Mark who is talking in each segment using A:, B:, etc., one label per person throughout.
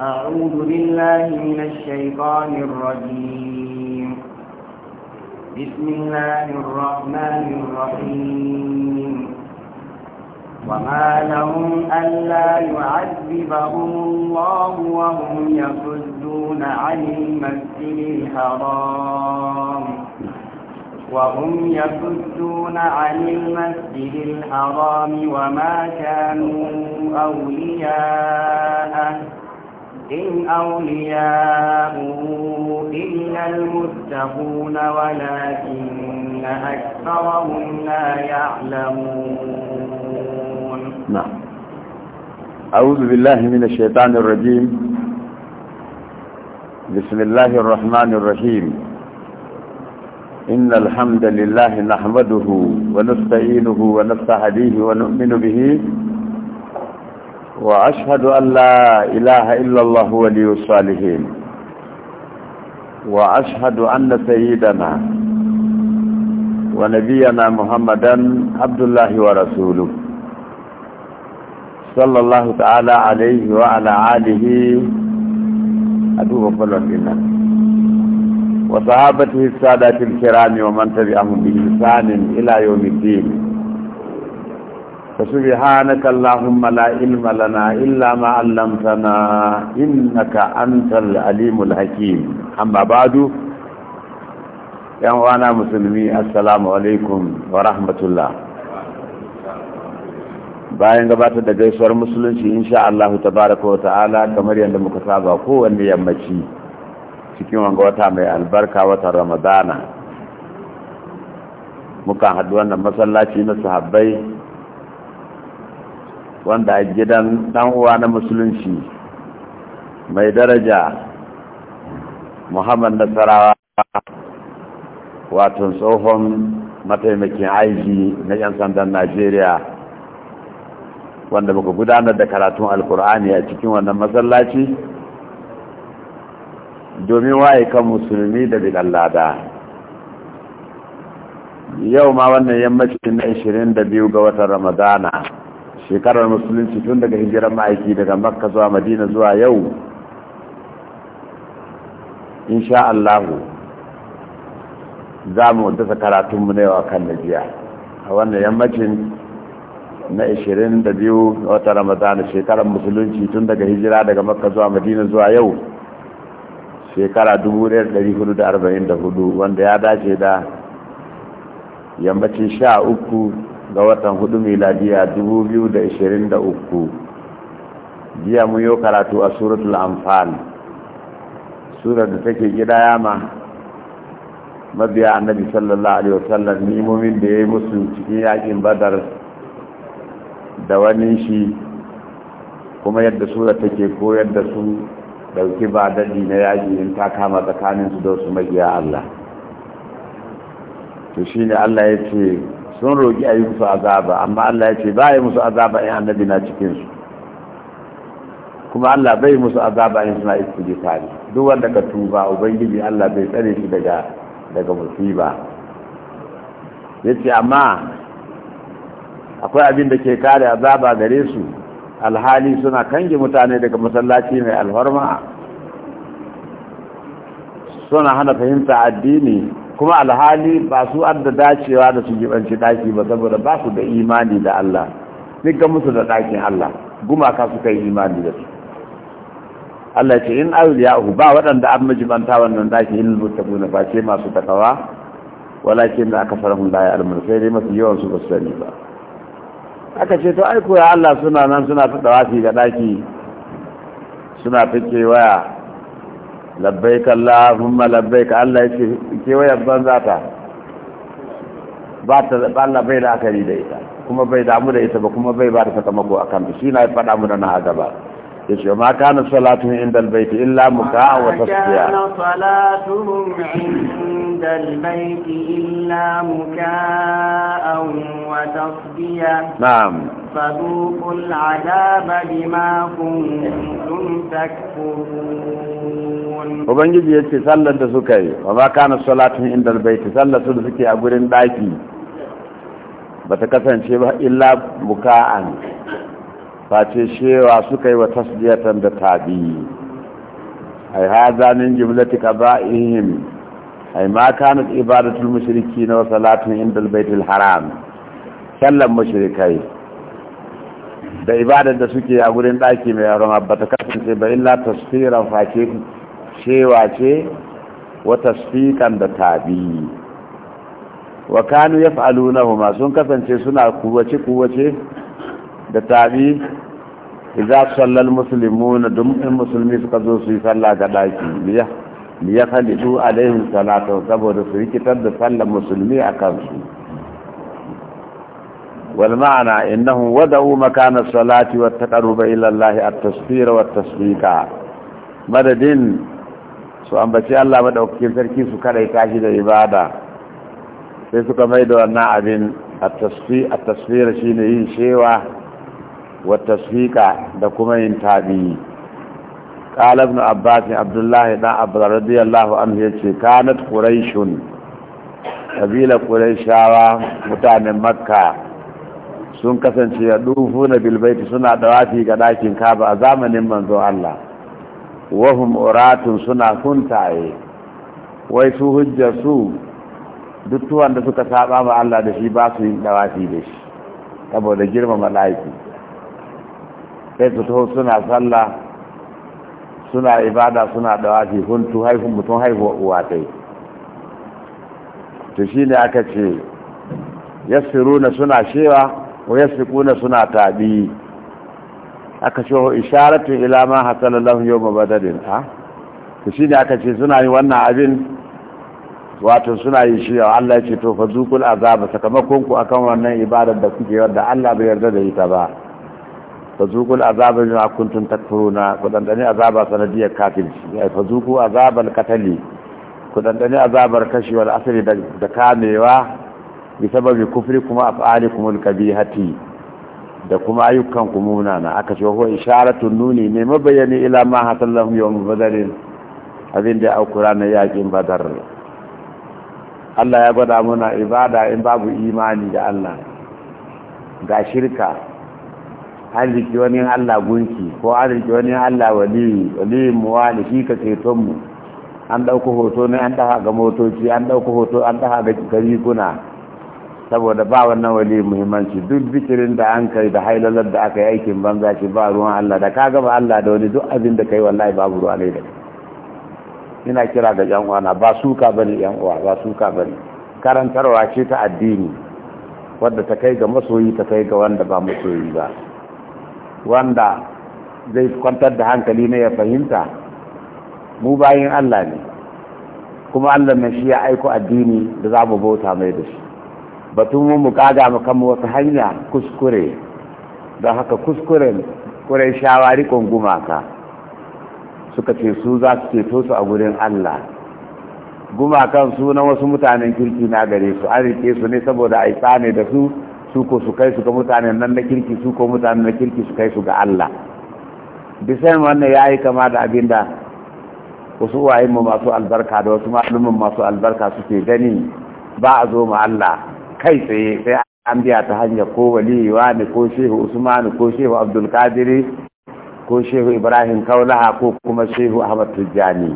A: أعوذ بالله من الشيطان الرجيم بسم الله الرحمن الرحيم وما لهم ألا يعذبهم الله وهم يصدون عن المسجد الحرام وهم يصدون عن المسجد الحرام وما كانوا أولياء إن أولياء إلا المتقون ولكن أكثرهم لا يعلمون
B: نعم
C: أعوذ بالله من الشيطان الرجيم بسم الله الرحمن الرحيم إن الحمد لله نحمده ونستعينه ونستهديه ونؤمن به وأشهد أن لا إله إلا الله ولي الصالحين وأشهد أن سيدنا ونبينا محمدا عبد الله ورسوله صلى الله تعالى عليه وعلى آله أدوه فلوحنا وصحابته السادات الكرام ومن تبعهم بإحسان إلى يوم الدين فسبحانك اللهم لا علم لنا إلا ما علمتنا إنك أنت العليم الحكيم أما بعد يا أخوانا مسلمي السلام عليكم ورحمة الله bayan gabatar da gaisuwar musulunci insha Allah tabaraka wa ta'ala kamar yadda muka saba kowanne yammaci cikin wanga wata mai albarka watan ramadana muka haɗu wannan masallaci na sahabbai wanda a gidan uwa na musulunci mai daraja muhammad nasarawa wato tsohon mataimakin aiki na 'yan sandan najeriya wanda muka gudanar da karatun alkur'ani a cikin wannan masallaci domin waye kan musulmi da bidan lada yau ma wannan yammacin na 22 ga watan ramadana shekarar musulunci tun daga hijiran ma'aiki daga makka zuwa madina zuwa yau insha Allahu za mu dasa karatunmu na yau kan najiya a wannan yammacin na 22 ga watan ramadana shekarar musulunci tun daga hijira daga makka zuwa madina zuwa yau shekara 1444 wanda ya dace da yammacin sha uku ga watan hudu miladiya 2023 jiya mun yi karatu a suratul amfal surar da take gida ma mabiya annabi sallallahu alaihi wasallam nimomin da ya yi musu cikin yakin badar da wani shi kuma yadda sura take koyar da su dauki ba dadi na yaji in ta kama tsakanin su da su magiya Allah to shine Allah ya ce sun roki a yi azaba amma Allah ya ce ba yi musu azaba in annabi na cikin su kuma Allah bai musu azaba in suna tare duk wanda ka tuba ubangiji Allah bai tsare shi daga daga musiba yace amma akwai abin da ke kare azaba gare su alhali suna kange mutane daga masallaci mai alfarma suna hana fahimta addini kuma alhali ba su adda dacewa da su jibanci daki ba saboda ba su da imani da Allah nika musu da dakin Allah gumaka suka yi imani da su Allah ce in awliyahu ba waɗanda an majibanta wannan daki ilil ba ce masu takawa walakin da aka farahun la ya almun sai dai masu yawan su ba su sani ba aka ce to aiko ya Allah suna nan suna ta dawafi ga daki suna ta kewaya labbaik Allahumma labbaik Allah ya ce kewaya banza ta ba ta Allah bai da akari da ita kuma bai damu da ita ba kuma bai ba ta sakamako akan shi na faɗa mu da na gaba yace ma kana salatuhum inda albayt illa muka'a wa tasbiya kana
A: salatuhum inda albayt illa muka'a wa tasbiya na'am فذوقوا العذاب بما كنتم تكفرون
C: وبنجي sallar da suka yi wa ma kana salatuhum inda albayt sallar su da suke a gurin daki ba ta kasance ba illa buka'an face shewa suka yi wa tasbiyatan da tabi ai haza min jumlati qaba'ihim ai ma kanat ibadatul mushriki na salatun indal baitul haram sallan mushrikai da ibadar da suke a gurin daki mai haram abba ta kasance ba illa tasfiran face shewa ce wa tasfikan da tabi wa kanu yaf'alunahuma sun kasance suna kuwace kuwace da tabi idza sallal muslimun dum in musulmi suka zo su yi sallah ga daki liya liya khalidu alaihi salatu saboda su rikitar da sallar musulmi a kansu wal ma'ana innahum wada'u makana salati wa taqarruba ila Allah at-tasfira wa tasbika madadin su ambaci Allah madaukakin sarki su kada ta shi da ibada sai suka mai da wannan abin at-tasfi at-tasfira shine yin shewa watasfiƙa da kuma yin tabi'i قال ابن abdullahi ɗan الله بن عباس رضي الله yace kanat quraishun kabila quraishawa mutanen makka sun kasance ya dufuna bil suna ɗawafi ga dakin kaba a zamanin manzo Allah wahum uratun suna kuntaye wai su hujja su duk da suka saba ma Allah da shi ba su yin ɗawafi da shi saboda girma mala'iku sai su taho suna sallah suna ibada suna fi huntu haifun mutum haihuwa uwa ta to shi ne aka ce na suna shewa wa na suna taɓi aka ce wa isharatu ila ma hasalallahu yawma badadin ha to shi ne aka ce suna yi wannan abin wato suna yi shi Allah ya ce to fa zuqul azaba sakamakon ku akan wannan ibadar da kuke wadda Allah bai yarda da ita ba فذوقوا العذاب بما كنتم تكفرون كدندني عذاب سنديه كافرتي اي فذوقوا عذاب القتل كدندني عذاب الكشي والاسر da kamewa da kuma ayyukan ku munana aka ce huwa isharatun nuni ne mabayani ila ma hasallahu yawm badr abinda alqur'ani yakin badar Allah ya gwada muna ibada in babu imani da Allah ga shirka an wani Allah gunki ko an wani Allah wali wali muwali shi ka ceton mu an ɗauko hoto ne an ɗaha ga motoci an ɗauko hoto an daga ga kuna saboda ba wannan wali muhimmanci duk bikirin da an kai da hailalar da aka yi aikin banza shi ba ruwan Allah da ka ba Allah da wani duk abin da kai wallahi babu ruwa ne da ina kira ga yan uwana ba suka bane yan uwa ba suka bane karantarwa ce ta addini wadda ta kai ga masoyi ta kai ga wanda ba masoyi ba wanda zai kwantar da hankali na ya fahimta mu bayan Allah ne kuma Allah na shi ya aiko addini da za mu bauta mai da shi batun mu mu kaga mu kan wata hanya kuskure don haka kuskuren kuren shawari gumaka suka ce su za su ceto su a gurin Allah gumakan su na wasu mutanen kirki na gare su an rike su ne saboda a ne da su su ko su kai su ga mutanen nan na kirki su ko mutanen na kirki su kai su ga Allah bisan wannan ya yi kama da abin da wasu uwayenmu masu albarka da wasu malumin masu albarka suke gani ba a zo ma Allah kai tsaye sai an biya ta hanyar ko waliwa ne ko shehu usmanu ko shehu abdulkadiri ko shehu ibrahim kaulaha ko kuma shehu ahmad tijjani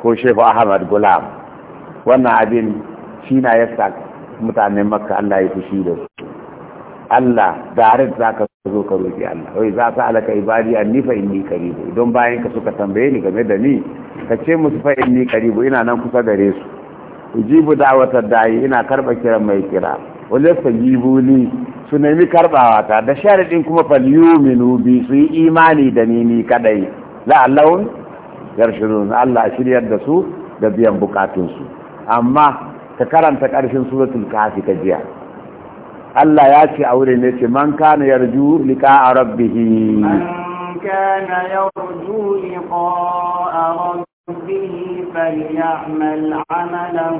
C: ko shehu ahmad gulam wannan abin shi na yasa mutanen makka Allah ya fushi da su Allah da za ka zo ka roki Allah wai za ka alaka ibadi nifa in ni karibu don bayan ka suka tambaye ni game da ni ka ce musu fa ni karibu ina nan kusa gare su ujibu da'watar da'i ina karba kiran mai kira jibu ni su nemi karbawa ta da sharadin kuma fal yuminu bi su yi imani da ni ni kadai la'allahu yarshudun Allah shiryar da su da biyan bukatunsu amma ka karanta ƙarshen suratul kafi ka jiya Allah ya ce a wurin ne ce man kana yarju liqa rabbih man
A: kana yarju liqa rabbih falyamal amalan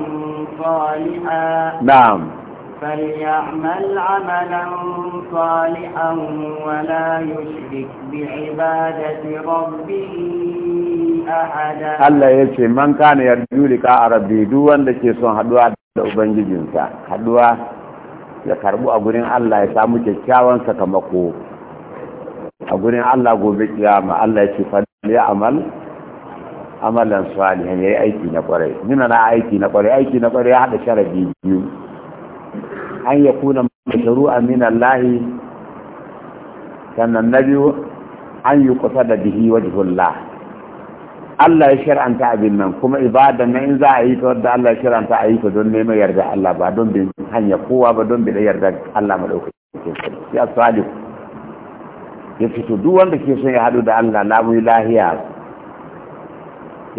A: salihan na'am فليعمل عملا صالحا ولا يشرك بعبادة ربه أحدا الله يشي
C: من كان يرجو لك عربي دوان لكي سن حدوا أبنجي جنسا حدوا ya karbu a gurin Allah ya samu kyakkyawan sakamako a gurin Allah gobe kiyama Allah ya ce fa ya amal amalan salihan yayi aiki na kwarai nuna na aiki na kwarai aiki na kwarai ya hada sharadi biyu an ya kuna mashru'a min Allah sannan na biyu an yi kusa da bihi wajhullah Allah ya shir'anta abin nan kuma ibada na in za a yi ta wadda Allah ya shir'anta a yi ta don neman yarda Allah ba don bin hanya kowa ba don bin yarda Allah madaukakin sarki ya salih ya fito duk wanda ke son ya hadu da Allah lamu lahiya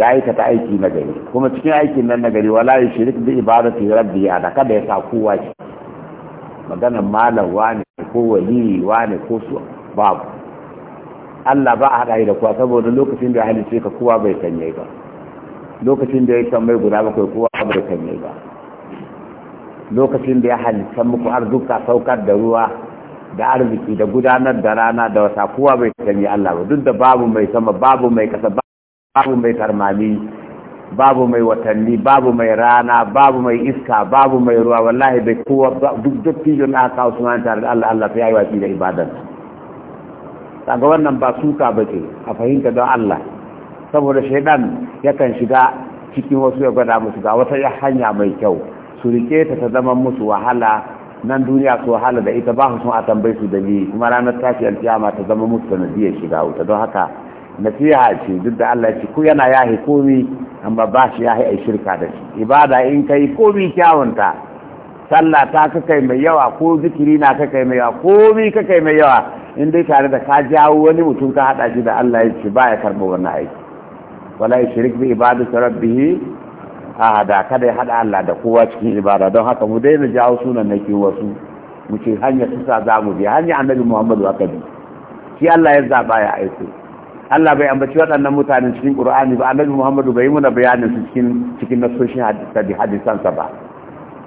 C: ya aikata aiki na gari kuma cikin aikin nan na gari wala ibada ta ibadati rabbi da kada ya sa kowa shi maganar malam wane ko wali wane ko su babu Allah ba a haɗa da kuwa saboda lokacin da halice ka kowa bai sanye ba lokacin da ya san mai guda bakwai kowa bai sanye ba lokacin da ya halitta muku arzuka saukar da ruwa da arziki da gudanar da rana da wata kowa bai sanye Allah ba duk da babu mai sama babu mai kasa babu mai tarmami babu mai watanni babu mai rana babu mai iska babu mai ruwa wallahi bai kowa duk dattijo na aka usman tare da Allah Allah ya yi wasi da ibadan daga wannan ba suka ba bace a fahimta don Allah saboda shaidan yakan shiga cikin wasu ya gwada musu ga wata hanya mai kyau su rike ta ta zama musu wahala nan duniya su wahala da ita ba su sun a tambayi su da ni kuma ranar tashi alkiyama ta zama musu sanadiyar shiga wuta don haka nasiha ce duk da Allah ce ku yana yahi komi amma ba shi yahi a shirka da shi ibada in kai komi kyawunta sallah ta ka mai yawa ko zikiri na ka kai mai yawa komi ka kai mai yawa in dai tare da ka jawo wani mutum ka hada shi da Allah ya ce ba ya karɓa wannan aiki wala ya shirik bi ta rabbih ahada kada ya hada Allah da kowa cikin ibada don haka mu daina jawo sunan nake wasu mu ce hanyar tusa za mu bi hanya annabi Muhammadu aka bi shi Allah ya zaba ya aiko Allah bai ambaci waɗannan mutane cikin Qur'ani ba Annabi Muhammadu bai muna bayanin su cikin cikin nasoshin hadisi hadisan sa ba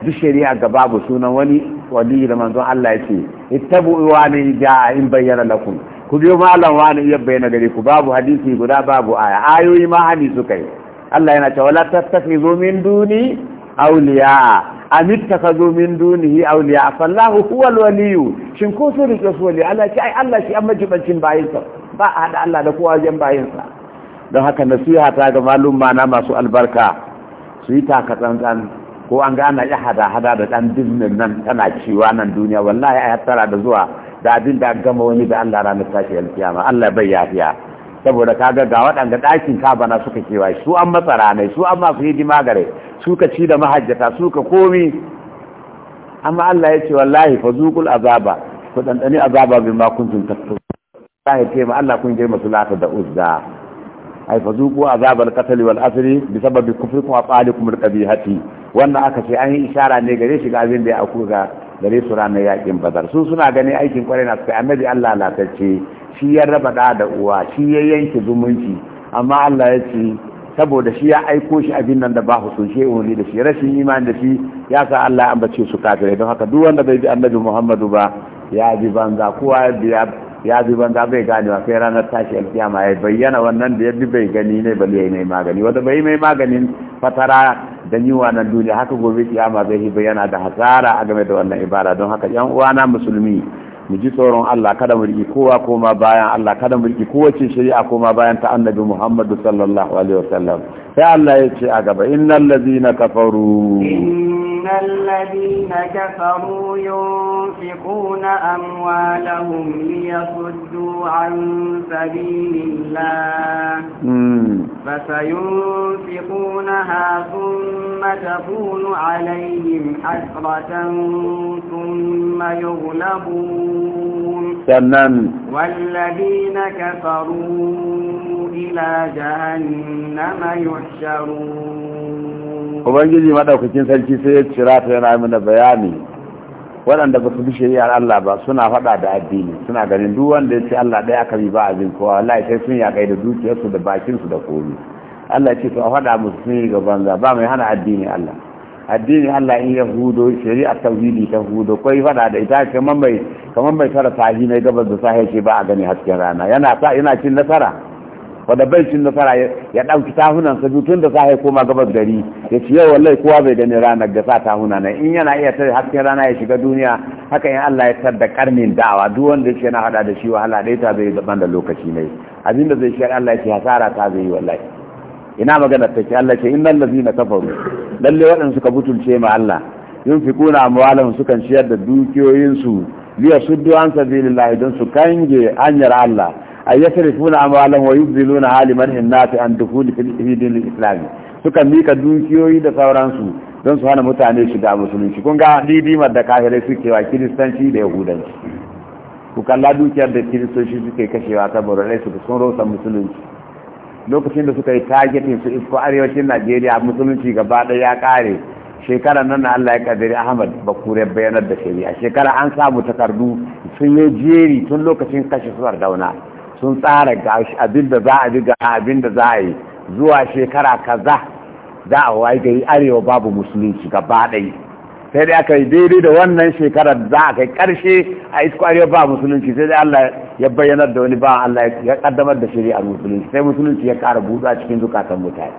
C: duk shari'a ga babu sunan wani wali da manzon Allah yake ittabu wa ne ja'a in bayyana lakum ku biyo malam wani iya bayyana gare ku babu hadisi guda babu aya ayoyi ma hani su kai, Allah yana cewa la tattakhizu min duni awliya am ittakhazu min dunihi awliya fallahu huwal waliyyu shin ko sun rike su wali Allah shi ai Allah shi an majibancin bayin ba a haɗa Allah da kowa wajen bayinsa don haka nasiha ta ga malum mana masu albarka su yi taka tsantsan, ko an gana ya hada hada da dan dinnin nan tana ciwa nan duniya wallahi a tara da zuwa da abin da gama wani da Allah ranar tashi alkiyama Allah bai yafiya saboda kaga ga waɗanda ɗakin kabana suka kewa su an matsara ne su an masu hidima gare suka ci da mahajjata suka komi amma Allah ya ce wallahi fa zuqul azaba ku dandani azaba ma kuntum takfur Allah ce ma Allah kun girma sulata da uzza ai fa zuku azabal qatl wal asri bi sababi kufrikum wa qalikum al qabihati wannan aka ce an yi ishara ne gare shi ga abin da ya aku ga gare su ranar yakin bazar su suna gani aikin kwarai na suka annabi Allah latacce shi ya raba da da uwa shi ya yanke zumunci amma Allah ya ce saboda shi ya aiko shi abin nan da ba su sun shehu ne da shi rashin imani da shi ya sa Allah ya ambace su kafirai don haka duk wanda bai bi annabi Muhammadu ba ya bi banza kowa ya biya ya bi banza bai gane wa sai ranar tashi alkiyama ya bayyana wannan da ya bi bai gani ne bale ya mai magani wanda bai mai maganin fatara da yiwa na duniya haka gobe kiyama zai yi bayyana da hasara a game da wannan ibada don haka yan uwana musulmi mu ji tsoron Allah kada mu riki kowa koma bayan Allah kada mu riki kowace shari'a koma bayan ta annabi Muhammad sallallahu alaihi wasallam sai Allah ya ce a gaba innal ladzina kafaru
A: إن الذين كفروا ينفقون أموالهم ليصدوا عن سبيل الله فسينفقونها ثم تكون عليهم حسرة ثم يغلبون
C: تمام
A: والذين كفروا إلى جهنم يحشرون
C: ubangiji madaukakin sarki sai ya cira ta yana mana bayani waɗanda ba su bi shari'ar Allah ba suna faɗa da addini suna ganin duk wanda ya ce Allah ɗaya aka bi ba abin kowa wallahi sai sun kai da dukiyarsu da su da komi Allah ce to a faɗa musu sun yi gaban za ba mai hana addini Allah addini Allah in ya hudo shari'ar tauhidi ta hudo kai faɗa da ita kamar mai kamar mai da tahi na gabas da sahi ce ba a gani hasken rana yana yana cin nasara wanda bai cin nasara ya ɗauki tahunan sa tun da sa ya koma gabas gari ya ci yau wallahi kowa bai gani ranar da sa tahuna na in yana iya tare hasken rana ya shiga duniya haka in Allah ya tar da karnin da'awa duk wanda yake na hada da shi wahala dai ta zai zaban da lokaci ne abin da zai shi Allah ya ce hasara ta zai yi wallahi ina magana ta ce Allah ce innal ladina kafaru lalle waɗanda suka butulce ma Allah yunfiquna amwalahum sukan ciyar da dukiyoyinsu liya suddu an sabilillah don su kange hanyar Allah ay yasrifuna amwalan wa yubdiluna haliman hinnati an dukhul fi al islam suka mika dukiyoyi da sauransu don su hana mutane shiga musulunci kun ga didimar da kafirai suke wa kiristanci da yahudanci ku kalla dukiyar da kiristoci suke kashewa ta rai su sun rosa musulunci lokacin da suka yi targeting su isko arewacin najeriya musulunci gaba ɗaya ya kare shekarar nan na Allah ya kadari Ahmad Bakure bayanar da shari'a shekara an samu takardu sun yi jeri tun lokacin kashe suwar dauna. sun tsara abin da za a bi ga abin da za a yi zuwa shekara kaza za a ga gari arewa babu musulunci gaba ɗaya sai dai aka yi daidai da wannan shekarar za a kai ƙarshe a isko arewa ba musulunci sai dai Allah ya bayyanar da wani ba Allah ya kaddamar da shari'ar musulunci sai musulunci ya ƙara buɗa cikin zukatan mutane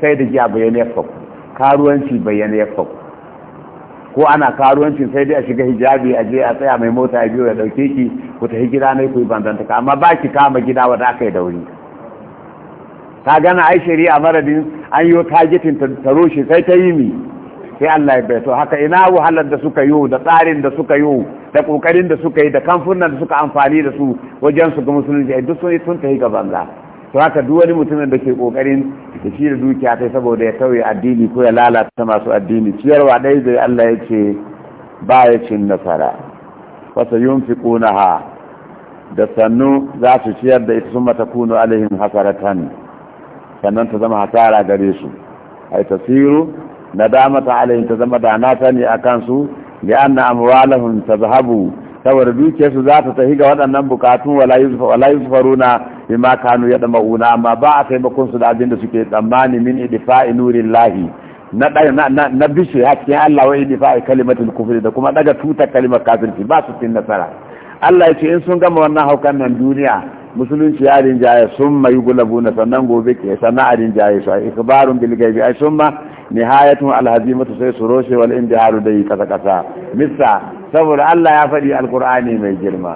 C: sai da giya bayyana ya faku karuwanci bayyana ya faku ko ana karuwancin sai dai a shiga hijabi a je a tsaya mai mota a biyo ya dauke ki ku tafi gida ne ku yi ta, amma ba ki kama gida wa da ka yi dauri ta gana ai shari'a maradin an yi targetin ta shi sai ta yi mi sai Allah ya bai to haka ina wahalar da suka yi da tsarin da suka yi da kokarin da suka yi da kamfunan da suka amfani da su wajen su ga musulunci duk sun yi sun tafi ga banza to haka duk wani mutumin da ke kokarin da shi da dukiya kai saboda ya tauye addini ko ya lalata masu addini ciyarwa dai da Allah ya ce ba ya cin nasara sa yunfiqunaha da sannu za su ciyar da ita summa takunu alaihim hasaratan sannan ta zama hasara gare su ay tasiru nadamata alaihim ta zama da na sani akan su li anna amwalahum tazhabu saboda dukiyarsu za ta tafi ga waɗannan bukatun wala yusfaruna bima kanu una amma ba a taimakon su da abin da suke tsammani min idfa'i nurillahi na na na bishi hakkin Allah wa a kalimatul kufri da kuma daga tutar kalimar kafirci ba su fi nasara Allah ya ce in sun gama wannan haukan nan duniya musulunci ya rinjaye sun mai gulabuna sannan gobe ke sannan a rinjaye su a ikbarun bil gaibi ai summa nihayatun alhazimatu sai su roshe wal indiharu yi kasa kasa mista saboda Allah ya faɗi alƙur'ani mai girma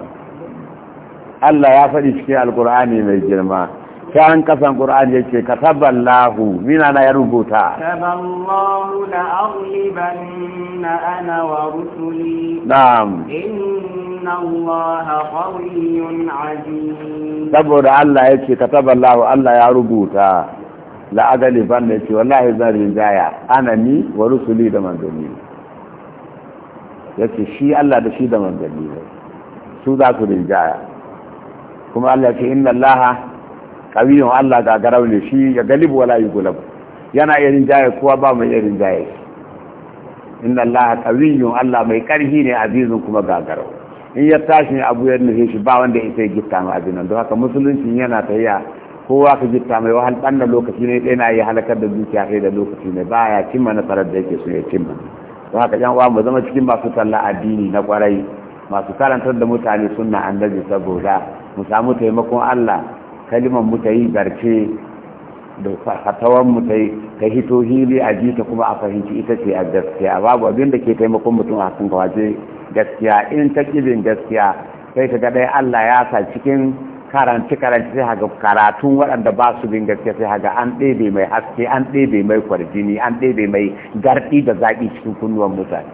C: Allah ya faɗi cikin alƙur'ani mai girma ta ƙasan ƙur'ani ya ce ka tabbar lahu mina na ya rubuta saboda Allah ya ce ka tabbar lahu Allah ya rubuta la'agali ban da ya ce wallahi zarin jaya ana ni wa rusuli da manzanni yace shi Allah da shi da manzanni ne su za su rinjaya kuma Allah ce inna Allah qawiyun Allah ga garau ne shi ya galibu wala yugulab yana iya rinjaya kowa ba mai iya rinjaya inna Allah qawiyun Allah mai karhi ne azizun kuma gagarau in ya tashi abu ya nufi shi ba wanda ita ya gitta mai abin nan don haka musulunci yana tayya kowa ka gitta mai wahal ɗan lokaci ne ɗaya na yi halakar da zuciya kai da lokaci ne ba ya cimma nasarar da yake so ya cimma don haka yan uwa mu zama cikin masu talla addini na kwarai masu karantar da mutane sunna annabi saboda mu samu taimakon Allah kalimar mu ta yi garce da fatawan mu ta yi ta hito hili a jita kuma a fahimci ita ce a gaskiya babu abin da ke taimakon mutum a kan gaskiya in ta kibin gaskiya sai ta ga Allah ya sa cikin karanci karanci sai haga karatun waɗanda ba su bin gaske sai haga an ɗebe mai haske an ɗebe mai kwarjini an ɗebe mai garɗi da zaƙi cikin kunnuwan mutane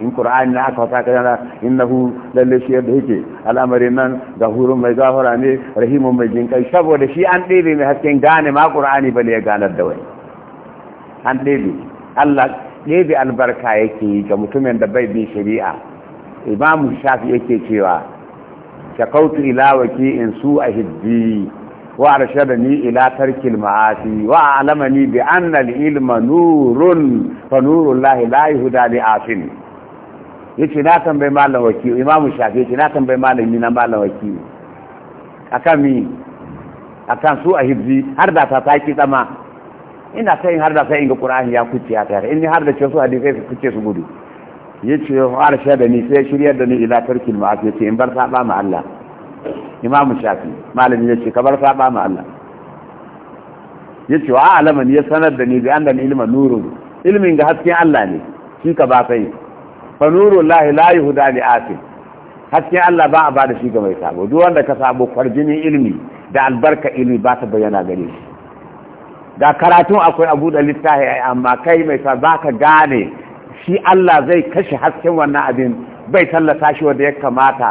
C: in ƙura'ani na aka in na innahu lalle shi yadda yake al'amari nan gahurun mai gafara ne rahimun mai jinƙai saboda shi an ɗebe mai hasken gane ma ƙura'ani bale ya ganar da wani an ɗebe allah ɗebe albarka yake ga mutumin da bai bi shari'a imamu shafi yake cewa shakautu ila وكي su a hiddi wa arshadani ila tarkil ma'asi wa alamani bi anna ilma nurun fa lahi yace na tambayi malam waki, imamu shafi yace na tambayi malam ni na malam waki, akan mi su a hiddi har da ta taki tsama ina sayin har da sayin ga qur'ani ya kuce ya tare in har da ce su hadisi sai kuce su gudu yace ya sha da ni sai shiryar da ni ila tarkil ma'asi ce in bar saba ma Allah imamu shafi malami ce ka bar saba ma Allah yace wa alama ne ya sanar da ni bi annal ilma nuru. ilmin ga hasken Allah ne shi ka ba sai fa nuru lahi la yuhda li atin hasken Allah ba a ba da shi ga mai sabo duk wanda ka sabo kwarjini ilmi da albarka ilmi ba ta bayyana gare shi da karatun akwai abu da littafi amma kai mai sa ba ka gane shi Allah zai kashe hasken wannan abin bai tallata shi wanda ya kamata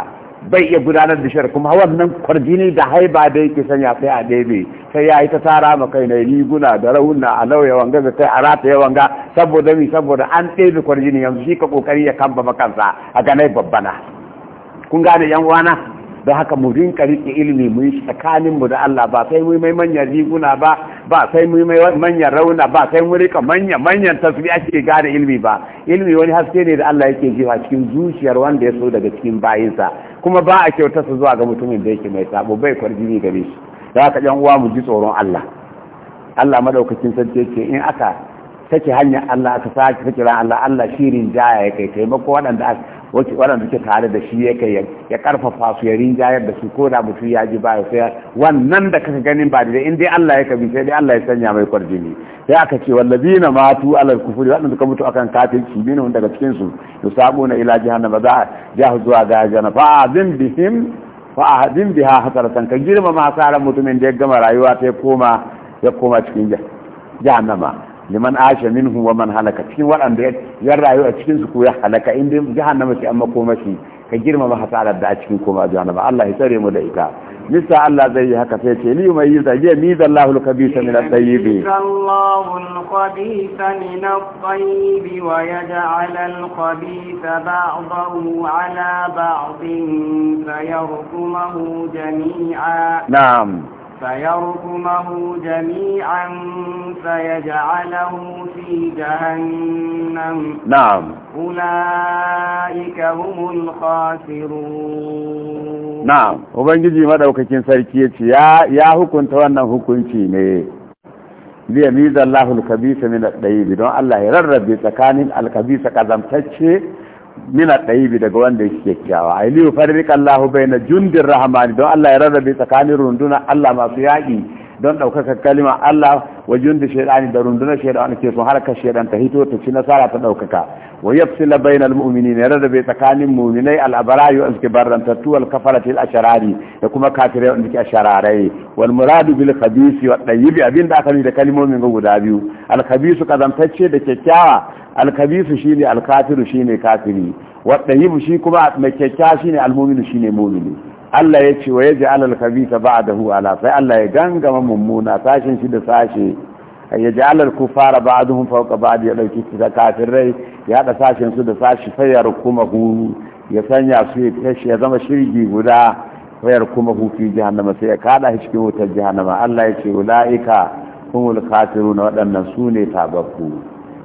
C: bai iya gudanar da shar kuma wannan kwarjini da haiba da yake sanya sai a ɗebe sai ya yi ta tara ma kai na riguna da rahuna a lauya wanga da kai a rata ya wanga saboda mi saboda an ɗebe kwarjini yanzu shi ka kokari ya kamba makansa a ganai babbana kun gane yan uwana don haka mu rinka riƙe ilimi mu yi tsakanin mu da Allah ba sai mu mai manyan riguna ba ba sai mu mai manyan rauna ba sai mu rika manyan manyan tasbi ake gane ilimi ba ilimi wani haske ne da Allah yake jefa cikin zuciyar wanda ya so daga cikin bayinsa kuma ba a kyauta su zuwa ga mutumin da yake mai sabo bai kwarjini gare shi da haka yan uwa mu ji tsoron Allah Allah madaukakin sarki yake in aka take hanyar Allah aka sake take ran Allah Allah shirin jaya ya kai taimako waɗanda waɗanda suke tare da shi ya kai ya karfafa su ya rinjaya da su ko da mutum ya ji baya sai wannan da kaka ganin ba da in dai Allah ya kabi sai dai Allah ya sanya mai kwarjini sai aka ce wallazina matu alal kufuri waɗanda suka mutu akan kafirci minhum daga cikin su na ila jahannama za jahu zuwa ga jahannama fa azim bihim fa azim biha hasaratan ka girma ma mutumin da ya gama rayuwa sai koma ya koma cikin jahannama liman asha minhu wa man halaka cikin waɗanda ya rayu a cikin su ko ya halaka in dai jahannama ce an makomashi ka girmama hasarar da a cikin koma jahannama Allah ya tsare mu da ita nisa Allah zai yi haka sai ce li mai yi zage ni da Allahu al-khabisa min at-tayyib
A: Allahu al-khabisa min at-tayyib wa yaj'al al-khabisa ba'dahu 'ala ba'din fayarkumahu jami'a na'am فيركمه جميعا فيجعله في جهنم نعم أولئك هم الخاسرون
C: نعم وبنجي ماذا وكتين سيكيتي يا يا هكون توانا هكون تيني liyamiza Allahul kabisa min at-tayyib don Allah ya rarrabe tsakanin al-kabisa mina ɗayibi daga wanda yake kyakkyawa a iliyu farrika Allahu bai na jundin rahamani don Allah ya rarrabe tsakanin runduna Allah masu yaƙi don ɗaukaka kalima Allah wa jundin shaidani da rundunar shaidani ke sun harkar shaidan ta hito ta ci nasara ta ɗaukaka wa yafsila bainal mu'minin ya rarrabe tsakanin mu'minai al-abarayu azki wal kafarati al-asharari da kuma kafirai wanda ke wal muradu bil khabisi wa ɗayibi abinda aka yi da kalimomin guda biyu al khabisu kazantacce da kyakkyawa alkabisu shine alkafiru shine kafiri wadayyibu shi kuma mai kyakkya shine almuminu shine mumini Allah ya ce wa ji alal kabisa ba'dahu ala sai Allah ya gangama mummuna sashen shi da sashe ya ji alal kufara ba'duhum ba ba'd ya dauki su da kafirai ya haɗa sashen su da sashi fayar ya hu ya sanya su ya tashi ya zama shirgi guda fayar kuma fi jihannama sai ya kada shi cikin wutar nama Allah ya ce ulaika kafiru na waɗannan su ne tababbu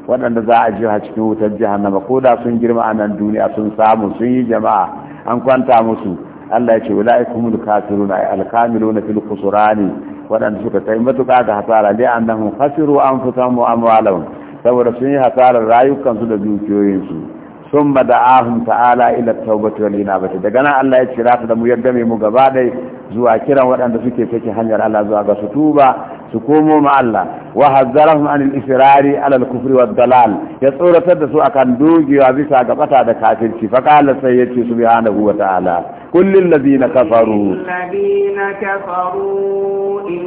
C: waɗanda za a jiha cikin wutar jihannama ko da sun girma a nan duniya sun samu sun yi jama'a an kwanta musu Allah ya ce wala ikumul kafiruna ay alkamiluna fil khusrani waɗanda suka kai matuƙa ga hasara dai annahum khasiru anfusahum wa amwalahum saboda sun yi hasarar rayukansu da dukiyoyinsu sun da ahun ta'ala ila taubatu wal inabati daga nan Allah ya kira su da mu ya game mu gaba dai zuwa kiran waɗanda suke take hanyar Allah zuwa ga su tuba su komo ma Allah wa hazzarahum anil israri ala al kufri wad dalal ya tsoratar da su akan dogewa bisa ga bata da kafirci fa qala sai yace subhanahu wa ta'ala kullil ladina kafaru
A: ladina kafaru in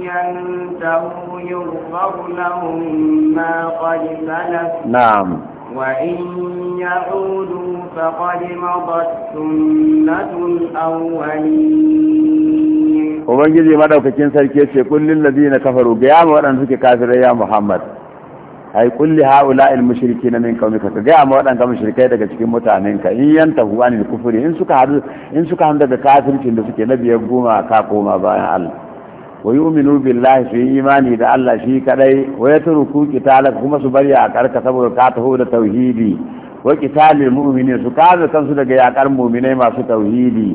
A: yantahu yughfar lahum ma qad salaf
C: na'am
A: وإن يعودوا فقد مضت سنة الأولين
C: Ubangiji maɗaukakin sarki ya ce kullin ladina kafaru ga yamma waɗanda suke kafirai ya Muhammad ai kulli haula al mushriki na min kaumika ka ga ma waɗanda mushrikai daga cikin mutanenka in yanta huwa ne kufuri in suka hadu in suka da suke na biyar goma ka koma bayan Allah wa yu'minu billahi fi imani da Allah shi kadai wa yatruku qitalak kuma su bari a karka saboda ka taho da tauhidi wa qitalil mu'minin su kaza kansu daga yakar mu'minai masu tauhidi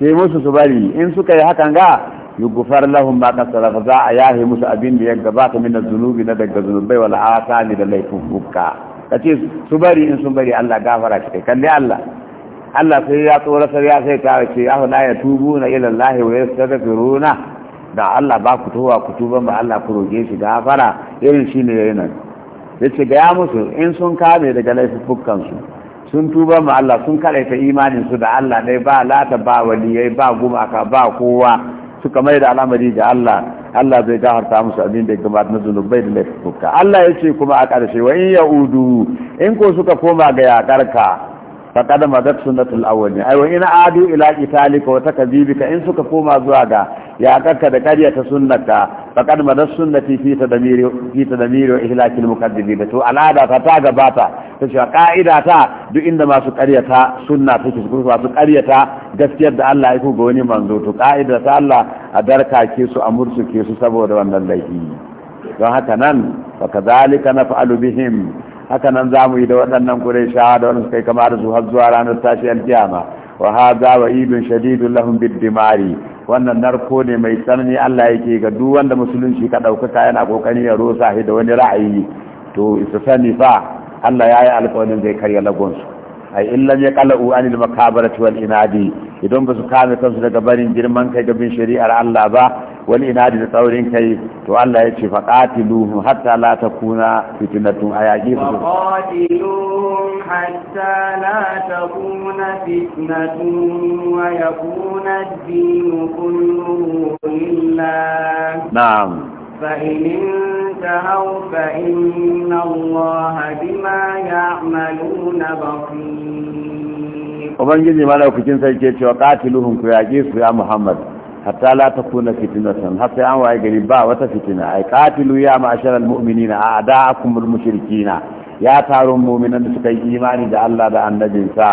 C: sai musu su bari in suka yi hakan ga yughfar lahum ma qasara za a yahi musu abin da ya gabata min az-zunubi na daga zunubai wal asani da laifin hukka kace su bari in sun bari Allah gafara shi kai kalli Allah Allah sai ya tsoratar ya sai ka ce ahuna ya tubuna ila Allah wa yastaghfiruna da Allah ba ku towa ku tuba ba Allah ku roge shi da fara irin shi ne yana yace gaya musu in sun kame daga laifukan su sun tuba ma Allah sun karaita imanin su da Allah dai ba lata ba yayi ba gumaka ba kowa suka mai da al'amari da Allah Allah zai gafarta musu abin da gaba na zunubai da laifuka Allah ya ce kuma a karshe wa in udu in ko suka koma ga yakarka faqad madat sunnatul awwalin ai wa ina adu ila qitalika wa takdhibika in suka koma zuwa ga yaƙarka da ƙarya ta sunnaka faqad madat sunnati fi tadmiri fi tadmiri ihlakil mukaddibin to al'ada ta ta gabata ta ce ka'ida ta duk inda masu ƙaryata sunna take su masu ƙaryata gaskiyar da Allah ya ku ga wani manzo to ka'ida ta Allah a darka ke su a mursuke su saboda wannan laifi don haka nan fa kadhalika naf'alu bihim haka nan za mu yi da waɗannan ƙurai shawa da wani suka kama da su har zuwa ranar tashi alkiyama wa za wa ibin Shadidu lahum biddimari wannan narko ne mai tsanani Allah yake ga duk wanda musulunci ka ɗaukaka yana ƙoƙarin ya rosa shi da wani ra'ayi to isa sani fa Allah ya yi alƙawarin zai karya lagonsu A illan ya qala'u da makabarati wal inadi idan ba su kame kansu daga barin girman kai ga bin shari'ar Allah ba wani inadi da tsaurin kai to Allah ya ce fa qatiluhum hatta la takuna a yaƙi su
A: qatiluhum hatta la kuna fitnatun wa yakuna ad-din kulluhu lillah na'am فإن انتهوا فإن الله بما يعملون بصير
C: وبنجي مالا وكتين سيكي وقاتلوهم su ya Muhammad. hatta la takuna fitnatan hatta an waye gari ba wata fitina ai qatilu ya ma'asharal mu'minina a'da'akumul mushrikina ya taron mu'minan da suka yi imani da Allah da sa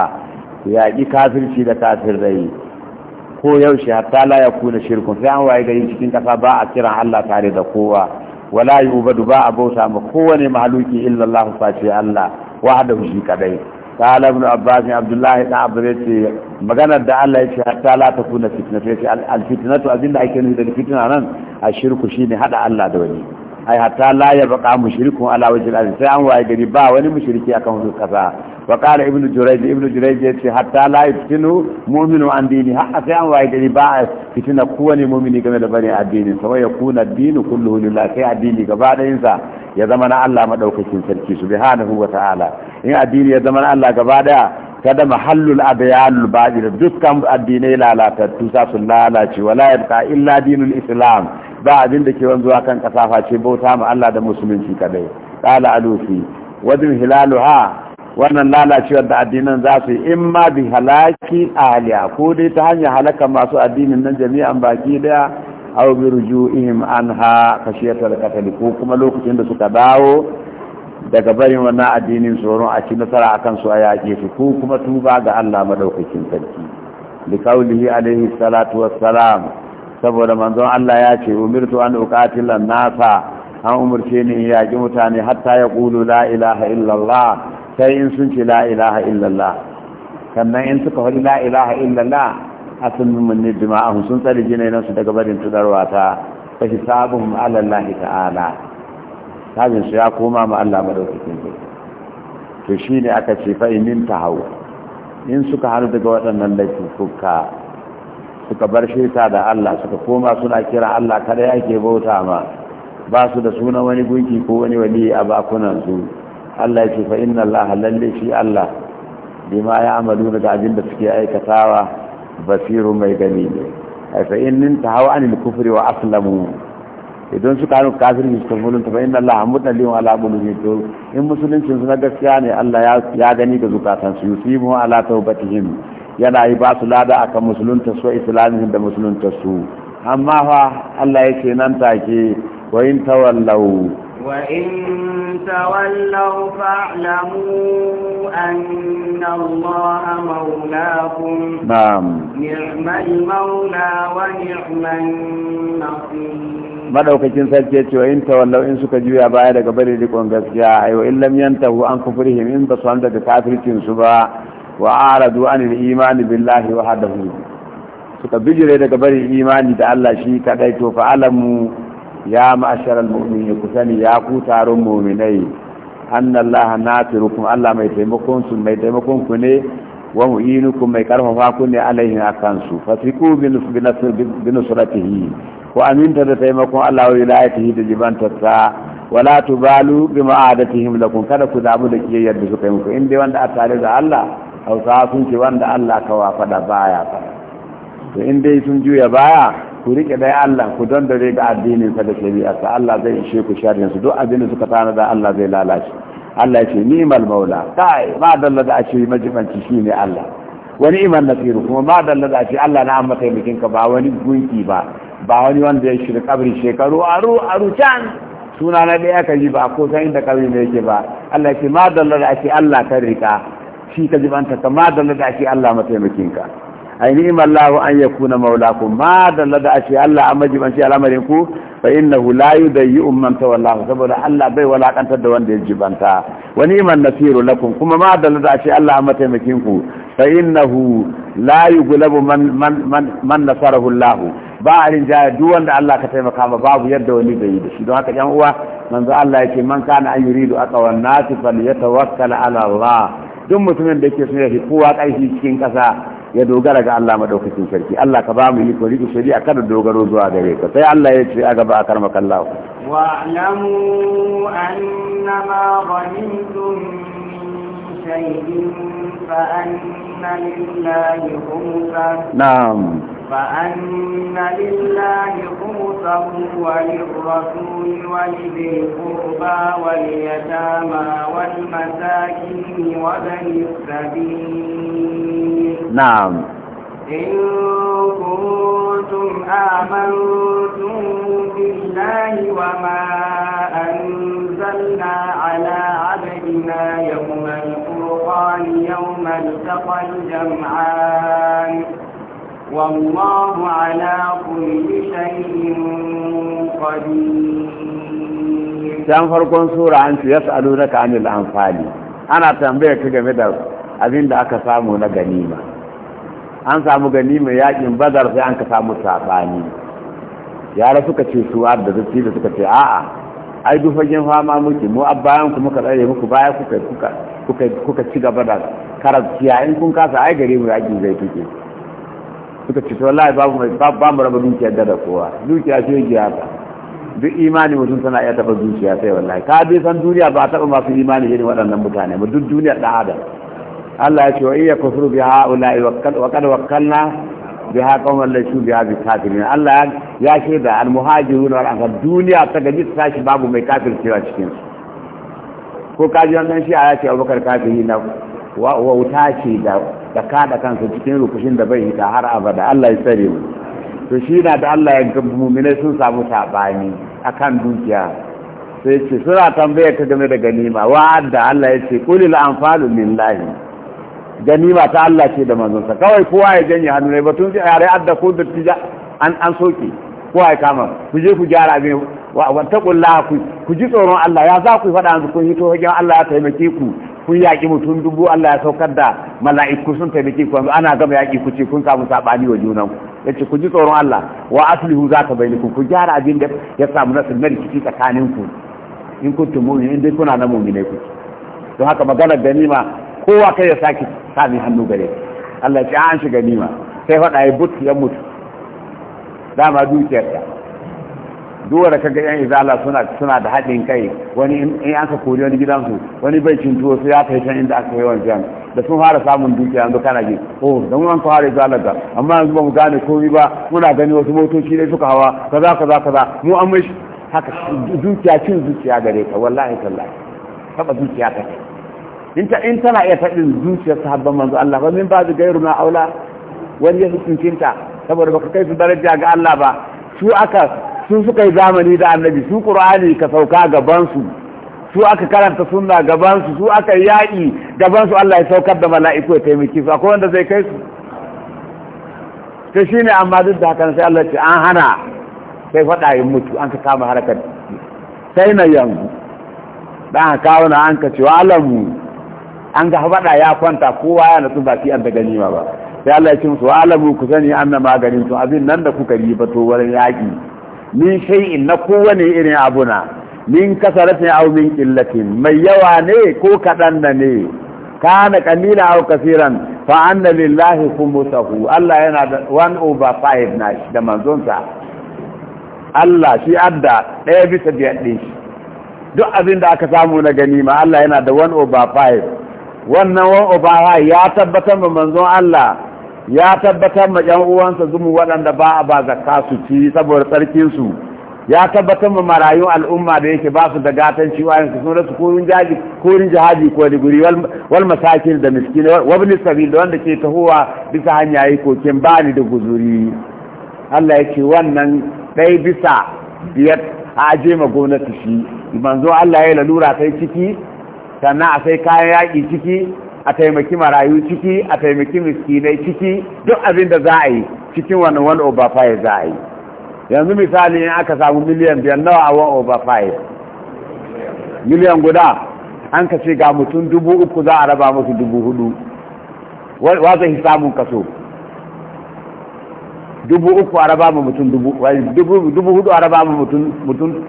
C: ku yaki kafirci da kafirai ko yaushe hatta la yakuna shirkun sai an waye gari cikin ƙasa ba a kiran Allah tare da kowa wala yu'badu ba bauta ma kowane mahaluki illa Allah face Allah wahdahu shi kadai قال ابن عباس عبد الله بن عباس magana da Allah ya ce hatta la takuna fitna fi al fitnatu da ake nufi da fitna nan ashirku shine hada Allah da wani ai hatta la ya baqa mushrikun ala wajhil ardi sai an waye gari ba wani mushriki akan hudu kasa wa qala ibnu jurayj ibnu jurayj yace hatta la yaftinu mu'minu an dini sai an waye gari ba fitina kowane mu'mini game da bane addini sai ya kuna dinu kulluhu lillahi sai addini gaba dayin ya zama na Allah madaukakin sarki subhanahu wa ta'ala in addini ya zama na Allah gaba daya kada mahallul adyalul badir dukkan addinai lalatattu sa su lalace wala yabqa illa dinul islam ba abin da ke wanzuwa kan ƙasa face bauta ma Allah da musulunci kadai qala alufi wadin hilaluha wannan lalacewar da addinan za su yi in ma bi halaki aliya ko dai ta hanyar halaka masu addinin nan jami'an baki daya aw bi ruju'ihim anha kashiyatul qatl ko kuma lokacin da suka dawo daga barin wannan addinin tsoron a ci nasara akan su a yaƙe su ko kuma tuba ga Allah madaukakin sarki li qawlihi alaihi salatu wassalam saboda manzon Allah ya ce umirtu an uqatila nasa an umurce ni in yaƙi mutane hatta ya ƙulu la ilaha illallah sai in sun ce la ilaha illallah sannan in suka faɗi la ilaha illallah asin min jima'ahum sun tsare jinainan su daga barin tudarwa ta fa hisabuhum ala Allah ta'ala sabin su ya koma ma Allah madaukakin sarki to shi ne aka ce fa in min tahawu in suka haru daga waɗannan laifuka suka bar shirka da Allah suka koma suna kira Allah kada ake bauta ma ba su da sunan wani gunki ko wani wani a bakunan su Allah ya ce fa inna Allah lalle shi Allah bima ya amalu daga abin da suke aikatawa basiru mai gani ne fa in nin tahaw anil kufri wa aslamu idan suka hannu kafirin suka mulunta fa inna Allah mudallin ala qulubihim to in musulunci suna gaskiya ne Allah ya gani ga zukatan su yusibu ala tawbatihim yana yi ba su lada akan musulunta su islamihin da musulunta su amma fa Allah yake nan take wa in tawallau
A: wa in tawallau fa'lamu anna Allah maulakum na'am ni'mal maula wa ni'man nasir
C: madaukakin sarki ce wa in tawallau in suka juya baya daga bari rikon gaskiya ayo in lam yantahu an kufrihim in basu hanta da kafircin su ba wa aradu anil imani billahi wahdahu suka bijire daga bari imani da Allah shi kadai to fa alamu ya ma'asharal mu'minin ku sani ya ku taron mu'minai annallaha nasirukum Allah mai taimakon su mai taimakon ku ne wa mu'inukum mai karfafa ku ne alaihin akan su fasiku bin binusratihi ku aminta da taimakon Allah wa wilayatihi da jibantarsa wala tubalu bi ma'adatihim lakum kada ku damu da kiyayyar da suka yi muku in dai wanda a tare da Allah hausawa sun ce wanda Allah kawa fada baya fada to in dai sun juya baya ku rike dai Allah ku dandare ga addinin sa da shari'a Allah zai ishe ku sharrin su duk addinin suka tana da Allah zai lalace Allah ce ni maula kai ba dalla da ashe majibanci shine Allah wani iman na tsiru kuma ba dalla da ashe Allah na amma taimakinka. ka ba wani gunki ba ba wani wanda ya shirya kabri shekaru aru aru can suna na ɗaya ka yi ba ko san inda kabri ne yake ba Allah ce ma dalla da ashe Allah kan rika shi ka jibanta ka ma da lada shi Allah mataimakinka ai an ma da lada shi Allah a jibanci al'amarin ku fa innahu la saboda Allah bai walakantar da wanda ya jibanta wa ni'man nasiru lakum kuma ma da lada Allah ku fa innahu la yughlabu man man man nasarahu Allah ba a rinjaya duk wanda Allah ka taimaka babu yadda wani bai yi da shi don haka yan uwa manzo Allah yake man kana an yuridu aqwa an-nas falyatawakkal ala Allah duk mutumin da ke suna ya fi kowa ƙarfi cikin ƙasa ya dogara ga Allah maɗaukacin sarki Allah ka ba mu yi kori a kada dogaro zuwa gare ka sai Allah ya ce a gaba a karma kallahu
A: wa'lamu annama ghanimtum shay'in fa anna lillahi na'am فأن لله خمسه وللرسول ولذي القربى واليتامى والمساكين وبني السبيل نعم إن كنتم آمنتم بالله وما أنزلنا على عبدنا يوم القرآن يوم التقى الجمعان والله على كل شيء قدير dan
C: farkon sura an ce yas'alunaka anil anfali ana tambaya ka game da abin da aka samu na ganima an samu ganima yakin badar sai an ka samu sabani yara suka ce suwa da zafi da suka ce a'a ai dufagen fama muke mu abbayan ku muka tsare muku baya kuka kuka kuka ci gaba da Ya in kun kasa ai gare mu yakin zai fike suka ce wallahi babu mai babu raba dukiya da kowa dukiya ce yake haka duk imani mutum tana iya taba zuciya sai wallahi ka bi san duniya ba taba masu imani irin waɗannan mutane ba duk duniya da adam Allah ya ce wa iya kufru bi haula'i wa kad wakkalna bi ha qawman la shu bi ha bi kafirin Allah ya ce da al muhajirun wal ansar duniya ta gaji ta shi babu mai kafircewa cikin ko kaji wannan shi a ya ce Abubakar kafiri na wa wuta ce da da kada kansu cikin rukushin da bai hita har abada Allah ya tsare mu to shi na da Allah ya ga mu'minai sun samu sabani akan dukiya sai ce sura tambaya ta game da ganima wa'adda Allah ya ce qulil anfalu lillahi ganima ta Allah ce da manzonsa kawai kowa ya janye hannu ne batun yare adda ko da an an soke kowa ya kama ku je ku gyara abin wa wattaqullaha ku ku ji tsoron Allah ya za ku faɗa an kun hito wajen Allah ya taimake ku kun yaƙi mutum dubu Allah ya saukar da mala'iku sun taimake ku ana gama yaki ku ce kun samu sabani wa junan yace ku ji tsoron Allah wa aslihu za ta bayyana ku ku gyara abin da ya samu nasu na rikici tsakanin ku in kuntum mu'minin in dai kuna na mu'minai ku don haka maganar ganima kowa kai ya saki sami hannu gare Allah ya ce an shi nima sai faɗa ya butu ya mutu dama dukiyar ta Duk wanda kaga yan izala suna suna da haɗin kai wani in an ka kori wani gidansu wani bai cin tuwo sai ya kai can inda aka yi jan da sun fara samun dukiya yanzu kana ji oh da mun an fara izala da amma yanzu ba mu gane komai ba muna gani wasu motoci ne suka hawa kaza kaza kaza mu an mai haka dukiya cin zuciya gare ka wallahi tallahi taba zuciya ka in ta in tana iya taɗin zuciyar sahabban manzo Allah ba min ba da gairu na aula wani ya hukuncinta saboda baka kai su daraja ga Allah ba su aka su suka yi zamani da annabi su qur'ani ka sauka gabansu su aka karanta sunna gabansu su aka yaƙi gabansu Allah ya saukar da mala'iku ya taimaki su akwai wanda zai kai su to shine amma duk da haka sai Allah ya ce an hana sai fada yin mutu an ka kama harkar sai na yanzu dan haka kawo na an ka ce wa an ga faɗa ya kwanta kowa ya nasu ba fi an da ganima ba sai Allah ya ce musu wa ku sani an na maganin to abin nan da kuka yi ba to wurin yaƙi min shay'in na kowane irin abuna min kasaratin aw min qillatin mai yawa ne ko kadan da ne kana qalila aw kaseeran fa anna lillahi khumsahu Allah yana da 1 over 5 na da manzonsa Allah shi adda ɗaya bisa biyar ɗin shi duk abin da aka samu na ganima Allah yana da 1 over 5 wannan 1 over 5 ya tabbatar da manzon Allah ya tabbatar ma yan uwansa zumu waɗanda ba a ba zakka su ci saboda tsarkin su ya tabbatar ma marayun al'umma da yake ba su da gatan ciwa yanzu sun rasu kurin jaji kurin jihadi ko da guri wal masakin da miskin wa sabil wanda ke tahowa bisa hanya yi kokin bani da guzuri Allah yake wannan dai bisa biyar a aje ma gwamnati shi manzo Allah ya yi lalura kai ciki sannan a sai kayan yaƙi ciki a taimaki marayu ciki a taimaki miskinai ciki duk abin da za a yi cikin wani wani over five za a yi yanzu misali in aka samu miliyan biyan nawa a wani over five miliyan guda an ka ce ga mutum dubu uku za a raba musu dubu hudu wata hisamun kaso dubu uku a raba ma mutum dubu hudu a raba ma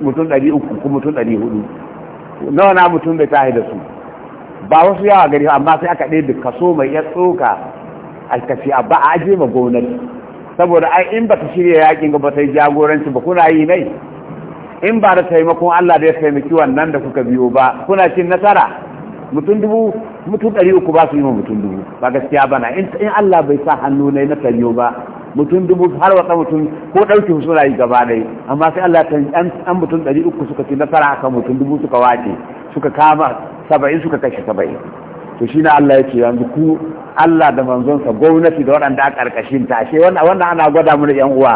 C: mutum ɗari uku ko mutum ɗari hudu nawa na mutum da tahi da su ba wasu yawa gari amma sai aka ɗaya kaso mai ya tsoka alkafiya ba a aje ma gonar saboda ai in ba ta shirya yakin ba ta yi jagoranci ba kuna yi nai in ba da taimakon Allah da ya taimaki wannan da kuka biyo ba kuna cin nasara mutum dubu mutum ɗari uku ba su yi ma mutum dubu ba gaskiya bana in Allah bai sa hannu na na tariyo ba mutum dubu har wata mutum ko ɗauki su suna yi gaba ɗaya amma sai Allah ta an mutum ɗari uku suka ci nasara kan mutum dubu suka wace suka kama saba'in suka kashe saba'in to shi na Allah ya ce yanzu ku Allah da manzonsa gwamnati da waɗanda a ƙarƙashin ta ashe wannan ana gwada mana yan uwa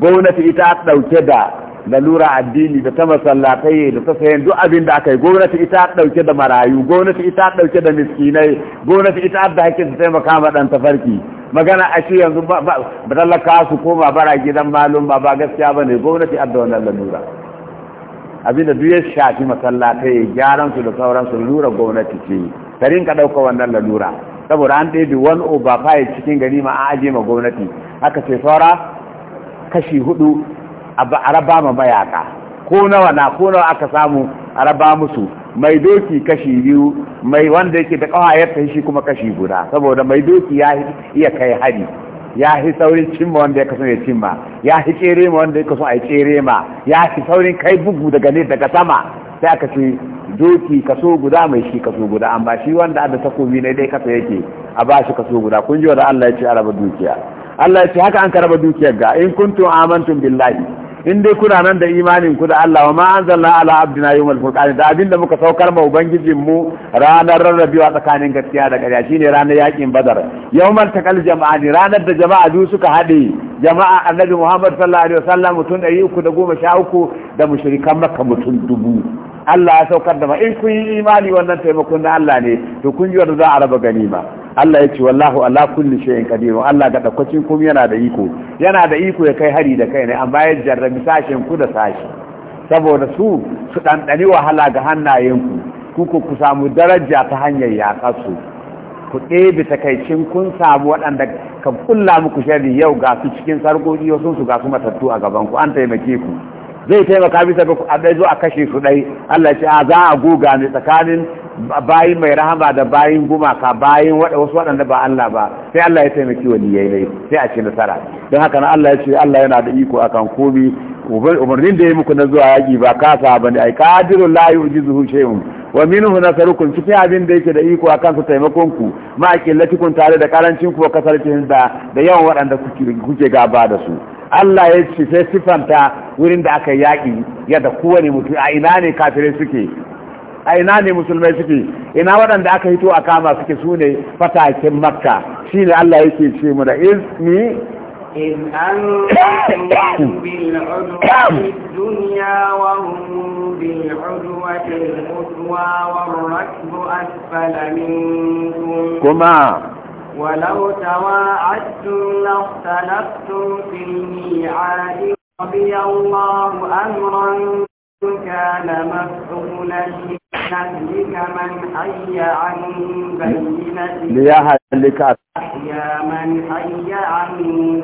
C: gwamnati ita ɗauke da lalura addini da ta masallatai da ta sayan duk abin da aka yi gwamnati ita ɗauke da marayu gwamnati ita ɗauke da miskinai gwamnati ita da hakkin ta taimaka ma ɗan tafarki magana a ce yanzu ba talaka su koma bara gidan malum ba ba gaskiya ba ne gwamnati adda wannan lalura abin da duk ya shafi masallatai gyaran su da sauransu lura gwamnati ce ta ka dauka wannan lalura saboda an ɗaya wani over fayi cikin gani ma an aje ma gwamnati haka ce saura kashi hudu a raba ma mayaka ko nawa na ko nawa aka samu a raba musu mai doki kashi biyu mai wanda yake da ƙawayar ta shi kuma kashi guda saboda mai doki ya iya kai hari ya fi saurin cimma wanda ya kaso ya cimma ya fi tsere ma wanda ya kaso a tsere ma ya fi saurin kai bugu daga ne daga sama sai aka ce doki kaso guda mai shi kaso guda an ba shi wanda da takobi ne dai kasa yake a ba shi kaso guda kun ji wa da Allah ya ce a raba dukiya Allah ya ce haka an ka raba dukiyar ga in kuntum amantum billahi in dai kuna nan da imanin ku da Allah wa ma anzalna ala abdina yawmal furqan da abinda muka saukar ma ubangijin mu ranar rarrabewa tsakanin gaskiya da ƙarya shine ranar yakin badar yawmal takal jama'ani ranar da jama'a biyu suka hade jama'a annabi Muhammad sallallahu alaihi wasallam mutum uku da goma sha uku da mushrikan makka mutum dubu Allah ya saukar da ma in kun yi imani wannan taimakon da Allah ne to kun yi wanda za a raba gani ganima Allah ya ce wallahu allah kulli shay'in qadir Allah ga dakwacin kuma yana da iko yana da iko ya kai hari da kai ne amma ya jarrabi sashen ku da sashi saboda su su ɗanɗani wahala ga hannayen ku ku ku samu daraja ta hanyar ya su ku ɗebe takaicin kun samu waɗanda kan kulla muku sharri yau ga su cikin sarƙoƙi wasu su ga su matattu a gaban ku an taimake ku zai taimaka bisa ga a ɗai zo a kashe su ɗai Allah ya ce a za a goga ne tsakanin bayin mai rahama da bayin gumaka bayin wasu waɗanda ba Allah ba sai Allah ya taimaki waliyai ne sai a ce nasara don haka na Allah ya ce Allah yana da iko akan komi umarnin da ya muku na zuwa yaƙi ba kasa bane ai kadiru la yujizuhu shay'un wa minhu nasarukum cikin abin da yake da iko akan su taimakon ku ma akillatikum tare da karancin ku kasarcin da da yawan waɗanda kuke gaba da su Allah ya ce sai sifanta wurin da aka yaƙi yadda kowane mutum a ina ne kafirai suke a ina ne musulmai suke ina waɗanda aka hito a kama suke sune ne fatakin makka shi ne allah yake ce mu da ismi
A: kuma ولو تواعدتم لاختلفتم في الميعاد رضي الله امرا كان مفعولا ليهلك من حي عن بينة
C: ليهلك
A: يا من حي عن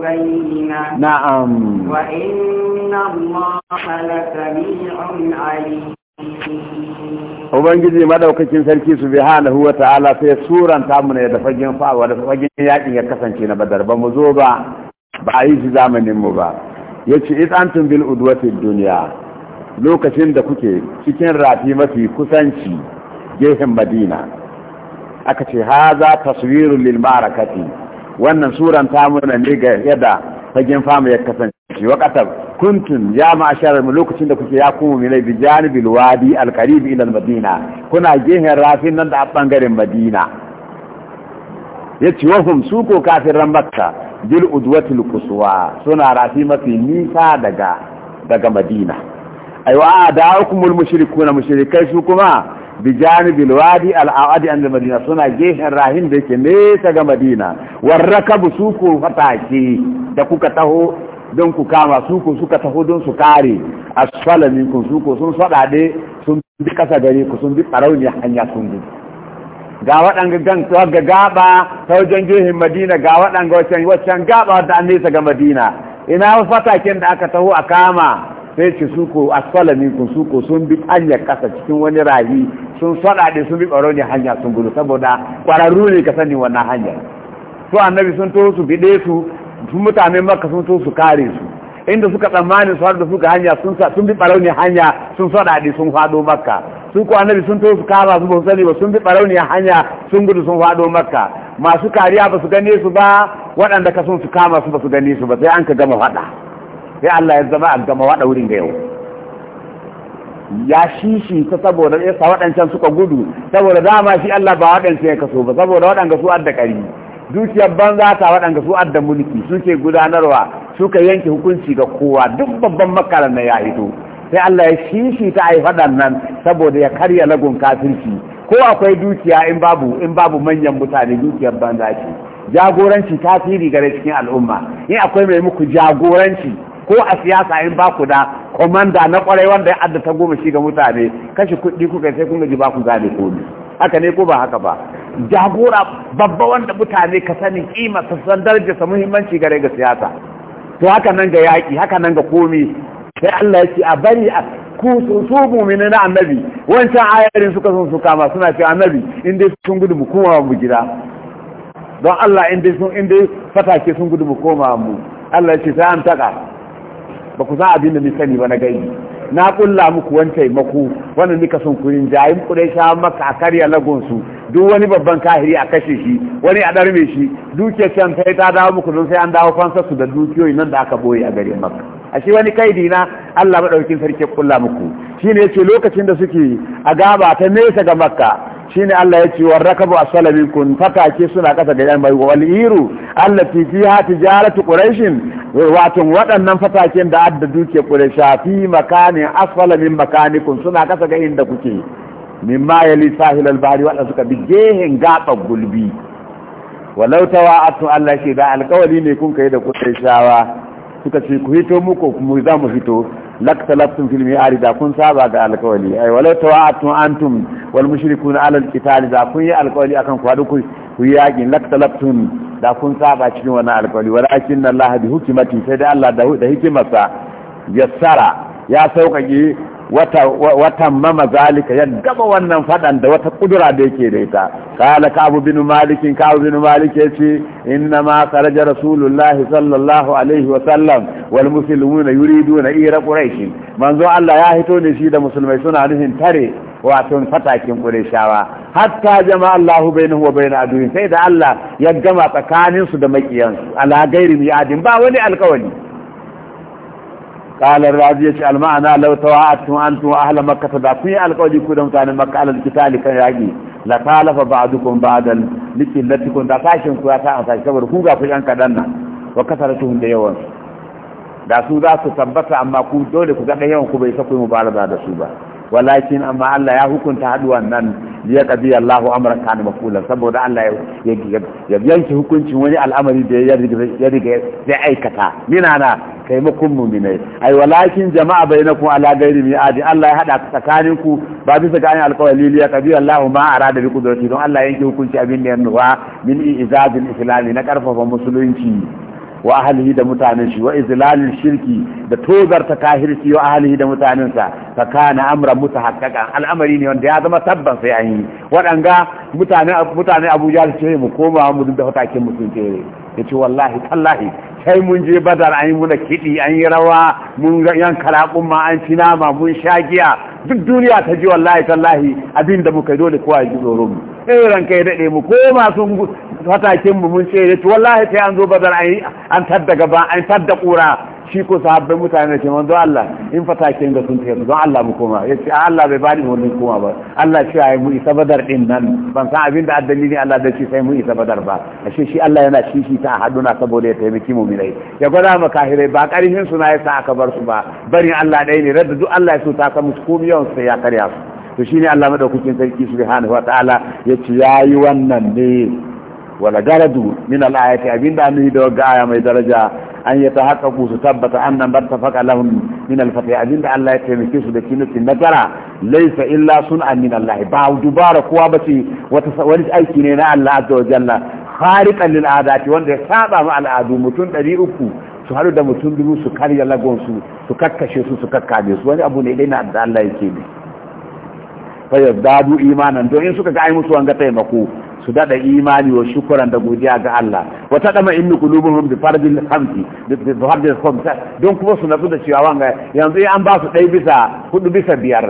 A: بينة نعم وإن الله لسميع عليم
C: Ubangiji madaukakin sarki subhanahu wa ta'ala sai suranta mu ne da fagen fa'awa da fagen yakin ya kasance na badar ba mu zo ba ba a yi shi zamanin mu ba yace is antum bil udwati dunya lokacin da kuke cikin rafi mafi kusanci gehen madina aka ce haza taswirun lil ma'arakati wannan suran ta ne ga yadda fagen fama ya kasance waqatar Kuntun ya ma'ashar mu lokacin da kuke ya kuma minai bi janibil wadi al qarib madina kuna gehen rafin nan da bangaren madina yace wahum su ko kafin makka bil udwatil kusuwa suna rafi mafi nisa daga daga madina aiwa a dawakumul mushiriku na mushirikai su kuma bi janibi alwadi al'adi an madina suna gehen rahim da yake nesa ga madina warraka su suku fatake da kuka taho don ku kama su suku suka taho don su kare asfala su suku sun fadade sun bi kasa gare ku sun bi tsarauniya hanya sun bi ga waɗanga gan ga gaba ta wajen gehen madina ga waɗanga waccan gaba da an nesa ga madina ina fatakin da aka taho a kama sai ce su ko asfala minkum su ko sun bi hanyar kasa cikin wani rahi sun faɗaɗe sun bi ɓaro ne hanya sun gudu saboda ƙwararru ne ka sani wannan hanya su annabi sun to su biɗe su sun mutane maka sun to su kare su inda suka tsammani su da suka hanya sun bi ɓaro ne hanya sun faɗaɗe sun faɗo makka su ko annabi sun to su kara su ba sani ba sun bi ɓaro ne hanya sun gudu sun faɗo makka masu kariya ba su gane su ba waɗanda ka sun su kama su ba su gane su ba sai an ka gama faɗa sai Allah ya zama a gama waɗa wurin da yau ya shishi ta saboda ya sa waɗancan suka gudu saboda dama shi Allah ba waɗancan ya kaso ba saboda waɗanga su adda ƙari dukiyar banza ta waɗanga su adda mulki suke gudanarwa suka yanke hukunci ga kowa duk babban makarar na ya hito sai Allah ya shishi ta ai nan saboda ya karya lagun kafirci ko akwai dukiya in babu in babu manyan mutane dukiyar banza ce jagoranci tasiri gare cikin al'umma in akwai mai muku jagoranci ko a siyasa in ba ku da komanda na kwarai wanda ya addata goma shi ga mutane kashe kuɗi kuka sai kun gaji ba ku gane komi haka ne ko ba haka ba jagora babba wanda mutane ka sani kima ta san sa muhimmanci gare ga siyasa to haka nan ga yaki, haka nan ga komi sai Allah ya ce a bari a ku su mumini na annabi wancan ayarin suka son su kama suna ce annabi in dai sun gudu mu kuma mu gida don Allah in dai sun in fatake sun gudu mu koma mu Allah ya ce sai an taka ba ku san abin da ni sani ba na gani na kulla muku wani taimako wanda nika sun kurin jayin kudai sha maka a karya lagonsu duk wani babban kahiri a kashe shi wani a ɗarme shi duke can sai ta dawo muku don sai an dawo su da dukiyoyi nan da aka boye a garin maka a shi wani kaidi na allah maɗaukin sarki kulla muku shi ne ce lokacin da suke a gaba ta nesa ga makka shi ne allah ya ce wa rakabu salamin kun fatake suna kasa ga yan bai wal iru allati fiha tijaratu quraishin wato waɗannan fatakin da adda duke kure shafi makanin asfala min makanikun suna kasa ga inda kuke min ma li sahil albari waɗanda suka bi gehen gaɓar gulbi walau tawa atu Allah shi da alkawali ne kun kai da kure shawa suka ce ku hito muku kuma za mu hito laktalaftum fil mi'ari da kun saba ga alƙawari ai a tun an antum wal mushrikuna ala alqital da kun yi alkawali akan ku hadu ku yaƙin laktalaftum da kun saba cikin wannan alkawari walakin Allah bi hikmati sai dai Allah da hikimarsa yassara ya sauƙaƙe wata watan mama zalika ya gaba wannan fadan da wata kudura da yake da ita kala ka abu bin malik ka abu bin malik yace inna ma kharaja rasulullahi sallallahu alaihi wa sallam wal muslimuna yuriduna ira quraish manzo Allah ya hito ne shi da musulmai suna nufin tare wato fatakin qurayshawa hatta jama Allahu bainahu wa bain sai da Allah ya gama tsakanin su da makiyansu ala ghairi mi'adin ba wani alkawari قال الرازي يش المعنى لو تواعدتم انتم اهل مكه ذاكوا القولي كودم كان مكه على القتال كان ياقي la talafa ba'dukum ba'dan da kashin ku saboda ku ga ku yan kadan nan wa da yawan da su za su tabbata amma ku dole ku ga yawan ku bai sako mu da su ba walakin amma Allah ya hukunta haduwan nan ya kadi Allah amran kana mafulan saboda Allah ya yanke hukuncin wani al'amari da ya riga ya aikata ni na kai makun mu'minai ai walakin jama'a bainakum ala ghairi mi'adi Allah ya hada tsakanin ku ba bisa ga alƙawari ya kadi Allah ma arada bi qudrati don Allah yanke hukunci abin da ya nuwa min izadil islami na karfafa musulunci wa ahlihi da mutanen shi wa izlalil shirki da tozarta shi wa ahlihi da mutanen sa fa kana amra mutahaqqaqan al'amari ne wanda ya zama tabban sai an yi waɗanga mutane mutane Abuja su ce mu koma mu da fatakin mu sun ya yace wallahi tallahi kai mun je badar an yi muna kiɗi an yi rawa mun yanka raƙun an ci nama mun sha giya duk duniya ta ji wallahi tallahi abin da muka dole kowa ji tsoro mu sai ran kai daɗe mu ko masu fatakin mu mun ce wallahi sai an zo badar an tadda gaba an tadda ƙura shi ko sahabbai mutane ce manzo Allah in fatakin da sun tafi don Allah mu koma ce Allah bai bani wani koma ba Allah shi yi mu isa badar din nan ban san abin da ne Allah da shi sai mu isa badar ba ashe shi Allah yana shi ta haduna saboda ya taimaki mu mirai ya gwada ma kahirai ba karihin su na yasa aka bar su ba bari Allah dai ne radda duk Allah ya so ta musu yawan sai ya karya su to shine Allah madaukakin sarki subhanahu wataala yace yayi wannan ne wala garadu min al-ayati abinda ni da ga aya mai daraja an ya ta haka su tabbata annan bar ta faka lahun min alfati abin da Allah ya taimake su da shi nufin nasara laisa illa sun min Allah ba dubara kowa ba ce wani aiki ne na Allah azza wa jalla khariqan lil wanda ya saba ma al'adu mutum uku su haɗu da mutum biyu su karya lagonsu su kakkashe su su kakkabe su wani abu ne dai na da Allah ya ne fa imanan don in suka ga ai musu wanga taimako su dada imani wa shukuran da godiya ga Allah wa ta dama inni qulubuhum bi fardil hamdi bi fardil khamsa don kuma su nazu da cewa wanga yanzu an ba su dai bisa hudu bisa biyar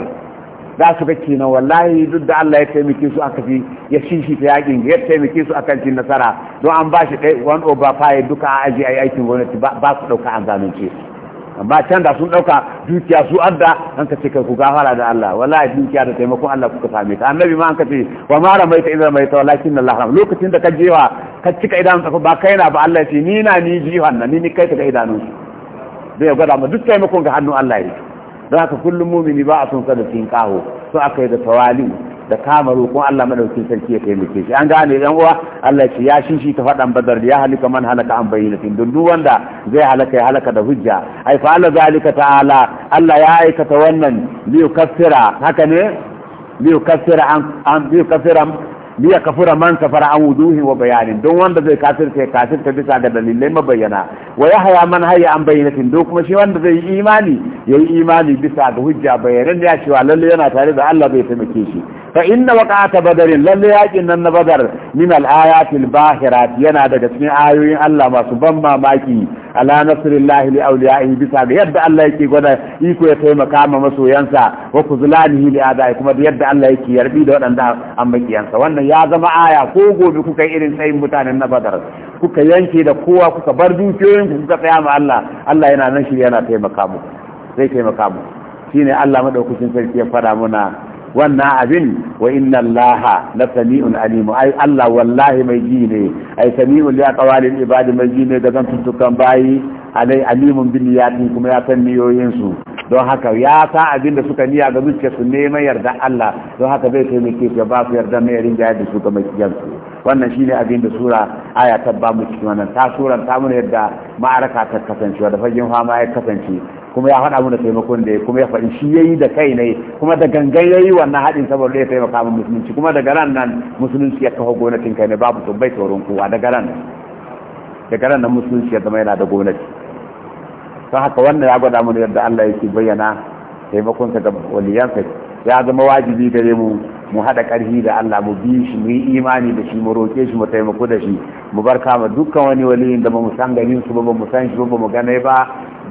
C: da su ga kenan wallahi duk da Allah ya taimake su aka fi ya shishi ta yakin ya taimake su akan cin nasara don an ba shi dai one over five duka a aji ai aikin gwamnati ba su dauka an zamanci su amma can da sun dauka dukiya su adda an ka ce kai ku gafara da Allah wallahi dukiya da taimakon Allah kuka same ta annabi ma an ka ce wa ma ramaita idan ramaita walakin Allah lokacin da ka jewa ka cika idan ka ba kai na ba Allah ya ce ni na ni jihan nan ni ni kai ta idan idanun su zai gwada ma duk taimakon ga hannun Allah ya don haka kullum mumini ba a sun sa da tinkaho so aka yi da tawali da kama roƙon Allah madaukin sarki ya taimake shi an gane dan uwa Allah ya shishi ta faɗan badar ya halika man halaka an bayyana tin duk wanda zai halaka ya halaka da hujja ai fa Allah zalika ta'ala Allah ya aikata wannan liyu kaffira haka ne liyu an liya kafura man kafara an wuduhi wa bayanin don wanda zai kafirta ya kafirta bisa ga dalilai mabayyana wa ya haya man haya an bayyanatin don kuma shi wanda zai yi imani ya yi imani bisa ga hujja bayanan ya cewa lalle yana tare da Allah bai taimake shi fa inna waqa'ata badarin lalle yakin nan na badar min al-ayatil bahirat yana daga cikin ayoyin Allah masu ban mamaki ala nasrillahi li awliyaihi bisa ga yadda Allah yake gwada iko ya taimaka ma masoyansa wa kuzlanihi li adai kuma da yadda Allah yake yarbi da wadanda an wannan ya zama aya ko gobe kuka irin tsayin mutanen na Badar kuka yanke da kowa kuka bar ku kuka tsaya ma Allah Allah yana nan shi yana taimaka mu zai taimaka mu shine Allah madaukakin sarki ya fara muna wannan abin wa inna allaha la sami'un alim ai Allah wallahi mai ji ne ai sami'un li aqwalil ibadi mai ji ne daga tuntukan bayi alai alimun bil yaqin kuma ya san niyoyin su don haka ya sa abin da suka niya ga zuciya su neman yarda Allah don haka zai kai mai ya ba su yarda mai rinja da su ga makiyan su wannan shine abin da sura aya ta ba mu cikin wannan ta suran ta mun yarda ma'araka ta kasance da fagen fama ya kasance kuma ya faɗa mana taimakon da ya kuma ya faɗi shi yayi da kai ne kuma da gangan yayi wannan haɗin saboda ya taimaka mu musulunci kuma daga ran nan musulunci ya kafa kai ne babu tumbai tsoron kowa daga ran daga ran nan musulunci ya zama yana da gonaki. don haka wannan ya gwada mana yadda Allah yake bayyana taimakon ka ga waliyansa ya zama wajibi gare mu mu haɗa ƙarfi da Allah mu bi shi mu yi imani da shi mu roƙe shi mu taimako da shi mu bar kama dukkan wani waliyin da ba mu san ganin su ba ba mu san shi ba mu gane ba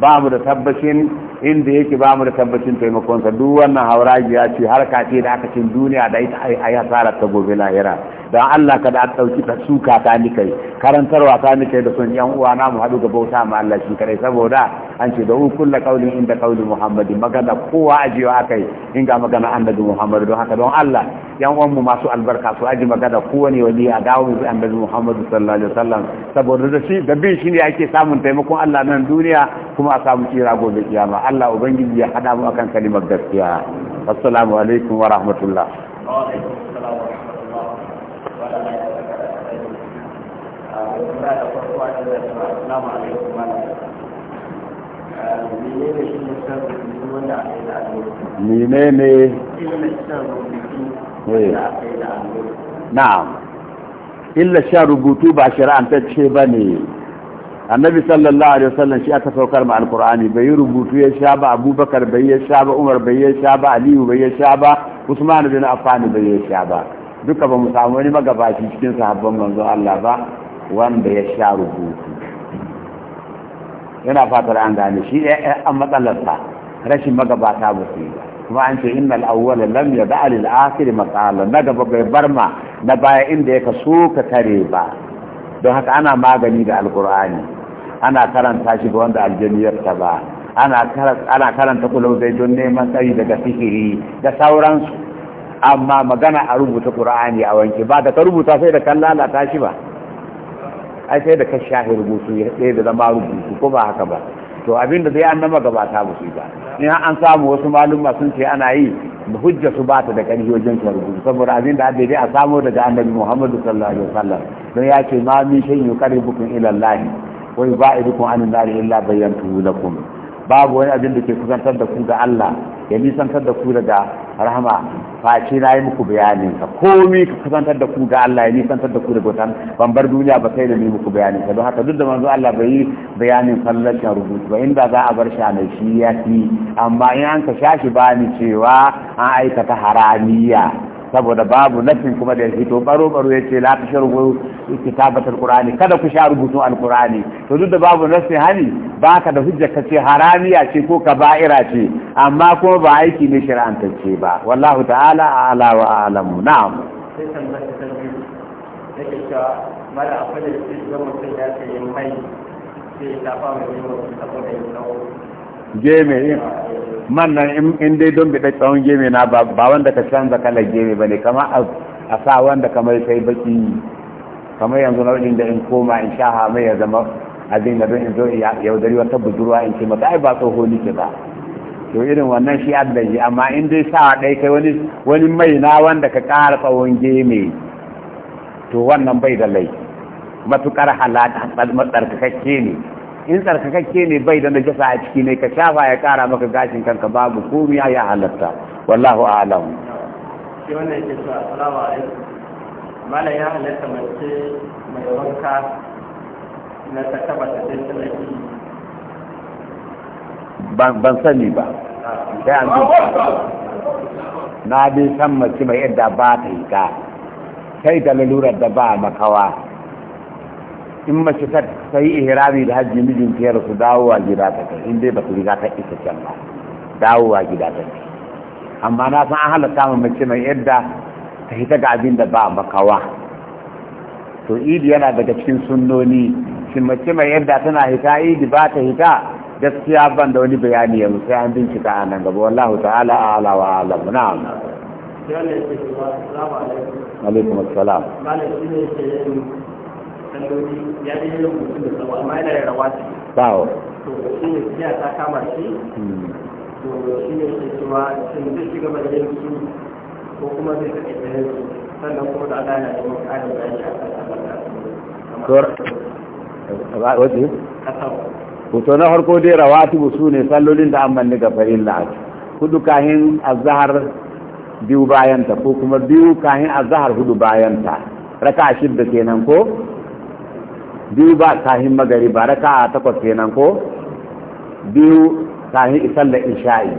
C: ba mu da tabbacin inda yake ba mu da tabbacin taimakon sa duk wannan ya ce har ce da aka cin duniya da ita ai ai hasara ta gobe lahira da Allah kada a dauki ta suka ta ni karantarwa ta ni kai da son yan uwa na mu hadu ga bauta ma Allah shi kare saboda an ce da kullu qaulin inda qauli Muhammadi magana kowa ajiyo akai in ga magana annabi muhammadu don haka don Allah yan uwan mu masu albarka su aji magana kowane wali a dawo annabi muhammadu sallallahu sallallahu alaihi wasallam saboda da shi da bin shi ne ake samun taimakon Allah nan duniya kuma a samu tsira gobe kiyama Allah ubangiji ya hada mu akan kalimar gaskiya assalamu alaikum wa rahmatullah menene na'am illa sha rubutu ba shari'antacce ba ne annabi sallallahu alaihi wasallam shi aka saukar ma alkur'ani bai rubutu ya sha ba abubakar bai yi sha ba umar bai yi sha ba aliyu bai yi sha ba usman bin affan bai yi sha ba duka ba mu samu wani magabaci cikin sahabban manzo Allah ba wanda ya sha rubutu yana fatar an gane shi eh, eh, an matsalarsa rashin magabata ba su yi ba kuma an ce innal awwala lam yada lil akhir maqala na gaba bai bar ma na baya inda ka so ka tare ba don haka ana magani da alqur'ani ana karanta shi ga wanda aljaniyar ta ba ana ana karanta kullu zai don neman tsari daga sihiri da sauransu amma magana a rubuta qur'ani a wanke ba da ka rubuta sai da kan lalata shi ba ai sai da ka shahi rubutu ya da zama rubutu ko ba haka ba to abinda zai an nama gabata ba su ba in an samu wasu malumma sun ce ana yi hujja su ba ta da ƙarfi wajen rubutu saboda abin da dai a samo daga annabi Muhammadu sallallahu alaihi wasallam don ya ce ma min shay'in yuqarribukum ila Allah yi yubaidukum an nar illa bayyantuhu lakum babu wani abin da ke kusantar da ku ga Allah ya nisantar da ku daga rahama face na yi muku bayanin ka mi ka kusantar da ku ga Allah ya nisantar da ku daga wutan ban bar duniya ba sai da ni muku bayanin ka don haka duk da manzo Allah bai yi bayanin sallashin rubutu ba inda za a bar shi a mai shi ya fi amma in an ka shashi ni cewa an aikata haramiya saboda babu nafin kuma da ya fito baro baro ya ce la ta sharhu kitabatul kada ku sha rubutun alqur'ani to duk da babu nafin hani baka da hujja ka ce haramiya ce ko kaba'ira ce amma kuma ba aiki ne shari'antacce ba wallahu ta'ala a'la wa a'lamu
B: na'am sai san ba ta akwai da shi ga mutum ya ce mai sai saboda
C: yin Mannan nan in dai don bi tsawon geme na ba wanda ka canza kala geme ba ne kama a sa wanda kamar sai baki kamar yanzu nau'in da in koma in sha hama ya zama abin da don in zo yaudari wata budurwa in ce mata ai ba tsoho nike ba to irin wannan shi Allah ji amma in dai sa dai kai wani wani mai na wanda ka kara tsawon geme to wannan bai da lai matukar halata matsarkakakke ne in tsarkakakke ne bai da najasa a ciki ne ka shafa ya kara maka gashin kanka babu komai ya halatta wallahu a'lam
B: shi wannan yake cewa assalamu alaikum mala ya halatta mace mai wanka na ta taba ta tsaye
C: ban ban sani ba sai an na bi san mace mai yadda ba ta yi ka sai da lalurar da ba makawa in mace ta yi ihrami da hajji mijin ta rasu dawowa gida ta kai in dai ba su riga ta isa can ba dawowa gida ta kai amma na san an halatta ma mace mai yadda ta hita ga abin da ba makawa to idi yana daga cikin sunnoni shi mace mai yadda tana hita idi ba ta hita gaskiya ban da wani bayani yanzu sai an bincika a nan gaba wallahu ta'ala ala wa mu na'am
B: alaikum assalam tambayoyi ya yi yin mutum da tsawo amma yana da rawa ce to shi ne ta kama shi hmm. to shi ne ke cewa shin zai shiga ko kuma zai ta ƙaƙe sannan kuma da ana da a kan
C: na farko dai rawatibu su ne sallolin da farin Hudu kahin biyu bayanta ko kuma biyu kahin azahar hudu bayanta. Raka shidda kenan ko? biyu ba kahin magari ba raka a takwas kenan ko biyu kahin sallar isha'i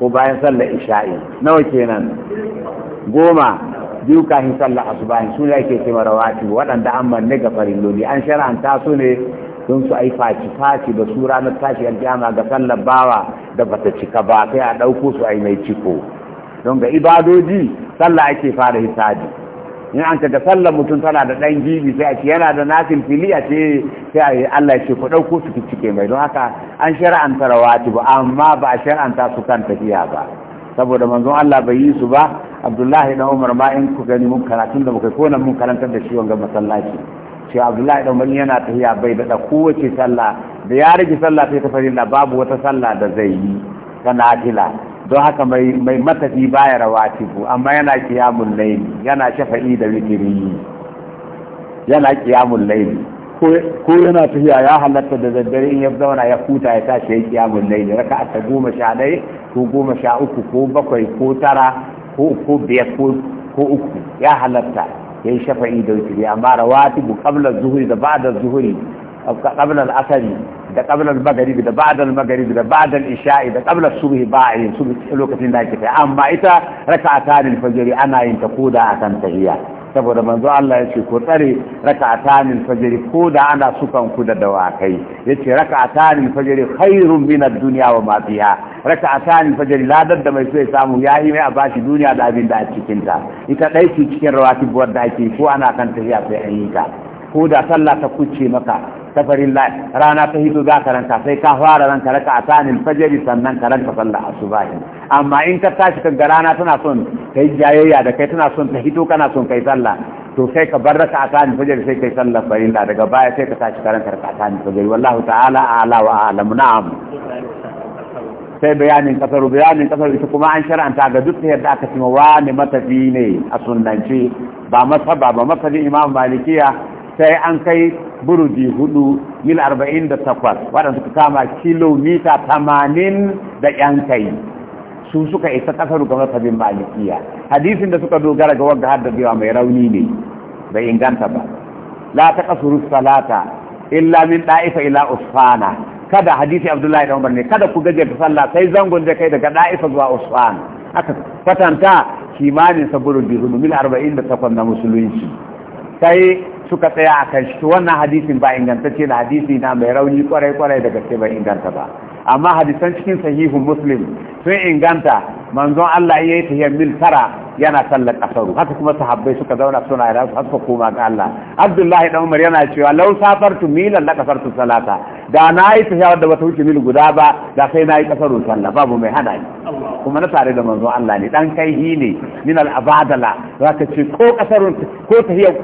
C: ko bayan sallar isha'i nawa kenan goma biyu kahin salla asubahin su ne ake ce waɗanda an manne ga farin loli an shara'anta su ne don su ai faci-faci da su ranar tashi aljama ga sallar bawa da bata cika ba sai a ɗauko su ai mai ciko don ga ibadoji sallah ake fara hisabi in an ka sallar mutum tana da ɗan gibi sai a ce yana da nasin fili a ce sai a Allah ya ce ku ɗauko su cike mai don haka an shar'anta rawati ba amma ba a shar'anta su kan tafiya ba saboda manzon Allah bai yi su ba Abdullahi dan Umar ma in ku gani mun karatun da muka ko nan mun karantar da shi wanga masallaci ce Abdullahi dan Umar yana tafiya bai da kowace sallah da ya rage sallah sai ta farilla babu wata sallah da zai yi kana nafila don haka mai matafi baya rawatibu amma yana kiyamun laili yana shafa'i da witiri yana kiyamun laili ko yana tafiya ya halatta da daddare in ya zauna ya kuta ya tashi ya kiyamun laili raka ta goma sha ɗaya ko goma sha uku ko bakwai ko tara ko ko biyar ko uku ya halatta ya yi shafa'i da witiri amma rawatibu kabla zuhuri da ba da zuhuri kabla al'asari da qabla al da ba'da al da ba'da ishai da qabla subhi ba a lokacin da ake kai amma ita a tanin fajiri ana yin ta koda akan tahiyya saboda manzo Allah ya ce ku tsare raka'atan al-fajr koda ana sukan ku da dawakai yace raka'atan al-fajr khairun min ad-dunya wa ma fiha a tanin fajiri ladar da mai so ya samu yayi mai a bashi duniya da abin da a cikin ta ita dai ce cikin rawatib wadda ake ko ana kan tafiya sai an yi ta ko da sallah ta kuce maka سفر الله رانا تهيدو غا كرنتا سيكا فارا لن كرك عطان الفجر سنن كرنتا صلى الصباح اما انت تاشي كرانا تناسون تهيجا يويا دكي تناسون تهيدو كنا سون كي صلى تو سيكا بردك عطان الفجر سيكا صلى فارا لن كرك باية سيكا تاشي كرنتا كرك عطان الفجر والله تعالى أعلى وأعلم نعم sai bayanin kasar bayanin kasar ita kuma an shar'anta ga duk yadda aka ci wa ne matafi ne a sunnanci ba masaba ba masabi imam malikiya sai an kai burudi hudu mil arba'in da takwas waɗanda suka kama kilomita tamanin da yan kai su suka isa ƙasar masabin malikiya hadisin da suka dogara ga wanda haddadewa mai rauni ne bai inganta ba la ta kasuru salata illa min ɗa'ifa ila usfana kada hadisi abdullahi da umar ne kada ku gaje ta sallah sai zangon da kai daga ɗa'ifa zuwa usfana aka kwatanta kimanin saburin hudu mil arba'in da takwas na musulunci sai suka tsaya a kan shi wannan hadisin ba ingantacce na hadisi na mai rauni kwarai kwarai da gaske bai inganta ba amma hadisan cikin sahihun muslim sun inganta manzon Allah ya yi tahiyar mil tara yana sallar kasaru haka kuma sahabbai suka zauna suna yana su haka koma ga Allah Abdullahi dan Umar yana cewa law safartu milan la kasartu salata da na yi tahiyar da bata wuce mil guda ba da sai na yi kasaru sallah babu mai hada ni kuma na tare da manzon Allah ne dan kai ne min al abadala zaka ce ko kasarun ko tahiyar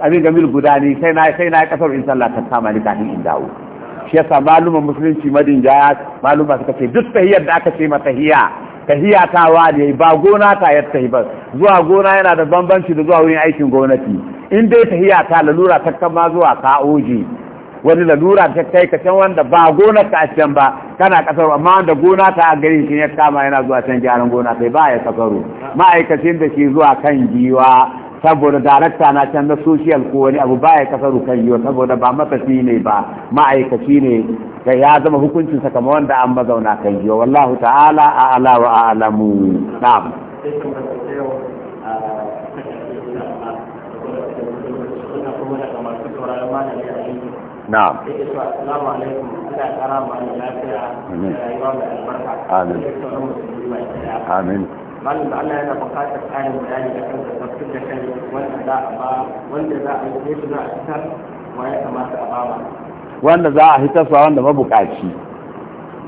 C: abin ga guda ne sai na sai na kasar in sallah ta kama ni kafin in dawo shi yasa malumin musulunci madin jaya maluma suka ce duk tahiyar da aka ce ma tahiya tahiya ta wani ba gona ta yar tahi ba zuwa gona yana da bambanci da zuwa wurin aikin gwamnati in dai tahiya ta lalura ta kama zuwa oje wani lalura ta kai ka can wanda ba gona ta a can ba kana kasar amma wanda gona ta a garin shi ya kama yana zuwa can gyaran gona sai ba ya kasaro ma'aikacin da ke zuwa kan giwa saboda darakta na can na social ko wani abu baya kasaru kan yiwa saboda ba matafi ne ba ma'aikaci ne da ya zama hukuncin sa kamar wanda an mazauna kan yiwa wallahu ta'ala a ala wa alamu na'am
B: na'am assalamu alaikum Allah ya lafiya da rayuwa albarka amin amin malam da Allah yana buƙatar ƙarin bayani da kan tafsir da kan wanda za a ba wanda za a yi su za a fitar wa ya kamata a ba
C: wanda za a hitar su wanda mabukaci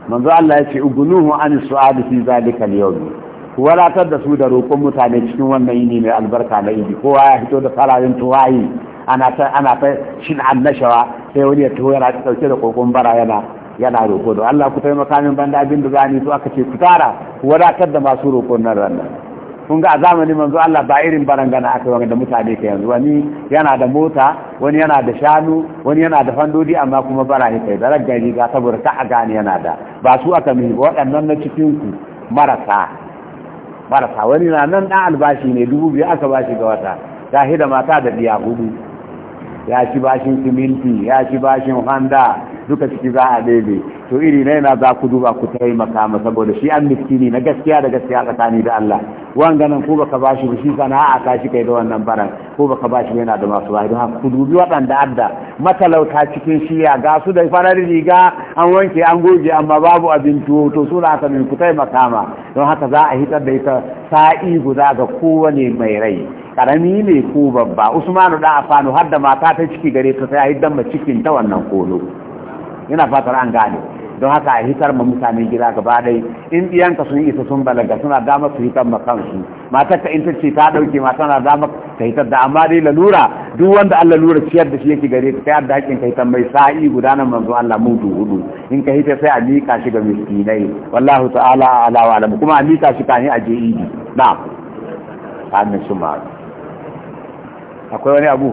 C: manzo Allah ya ce ugunuhu an su'ali fi zalika al-yawm wadatar da su da roƙon mutane cikin wannan yini mai albarka na idi kowa ya fito da fararen tuwayi ana ta ana ta shin annashawa sai wani ya tuwo yana ɗauke da kokon bara yana yana roƙo da Allah ku taimaka min banda abin da zani su aka ce ku tara ku wadatar da masu roƙon nan ranar kun ga a zamanin manzo Allah ba irin barangana aka yi da mutane ka yanzu wani yana da mota wani yana da shanu wani yana da fandodi amma kuma bara ya kai zarar gari ga saboda ta a gane yana da ba su aka mihi waɗannan na cikin ku marasa marasa wani na nan ɗan albashi ne dubu biyu aka bashi ga wata ta hida mata da biya hudu ya ci bashin siminti ya ci bashin handa duka ciki za a ɗebe to iri na yana za ku duba ku taimaka ma saboda shi an miskini na gaskiya da gaskiya tsakani da Allah Wan ganin ko baka ba shi sana'a ka shi kai da wannan baran ko baka shi yana da masu wahayi don haka ku dubi waɗanda adda matalauta cikin shiya ga su da farar riga an wanke an goge amma babu abin tuwo to su da haka ku taimaka ma don haka za a hitar da ita sa'i guda ga kowane mai rai karami ne ko babba usmanu da afanu har da mata ta ciki gare ta sai a yi ma cikin ta
B: wannan kolo
C: yana fatar an gane don haka a hitar ma mutane gida gaba dai in iyanka sun isa sun balaga suna damar su hitar ma kansu matar ka in ce ta dauke ma tana damar ta hitar da amma dai lalura duk wanda Allah lura ciyar da shi yake gare ka kai da hakkin ka hitar mai sa'i gudanar manzo Allah mutu hudu in ka hitar sai a mika shi ga miskinai wallahu ta'ala ala wa alam kuma a mika shi kani a je idi na'am amin ma akwai wani abu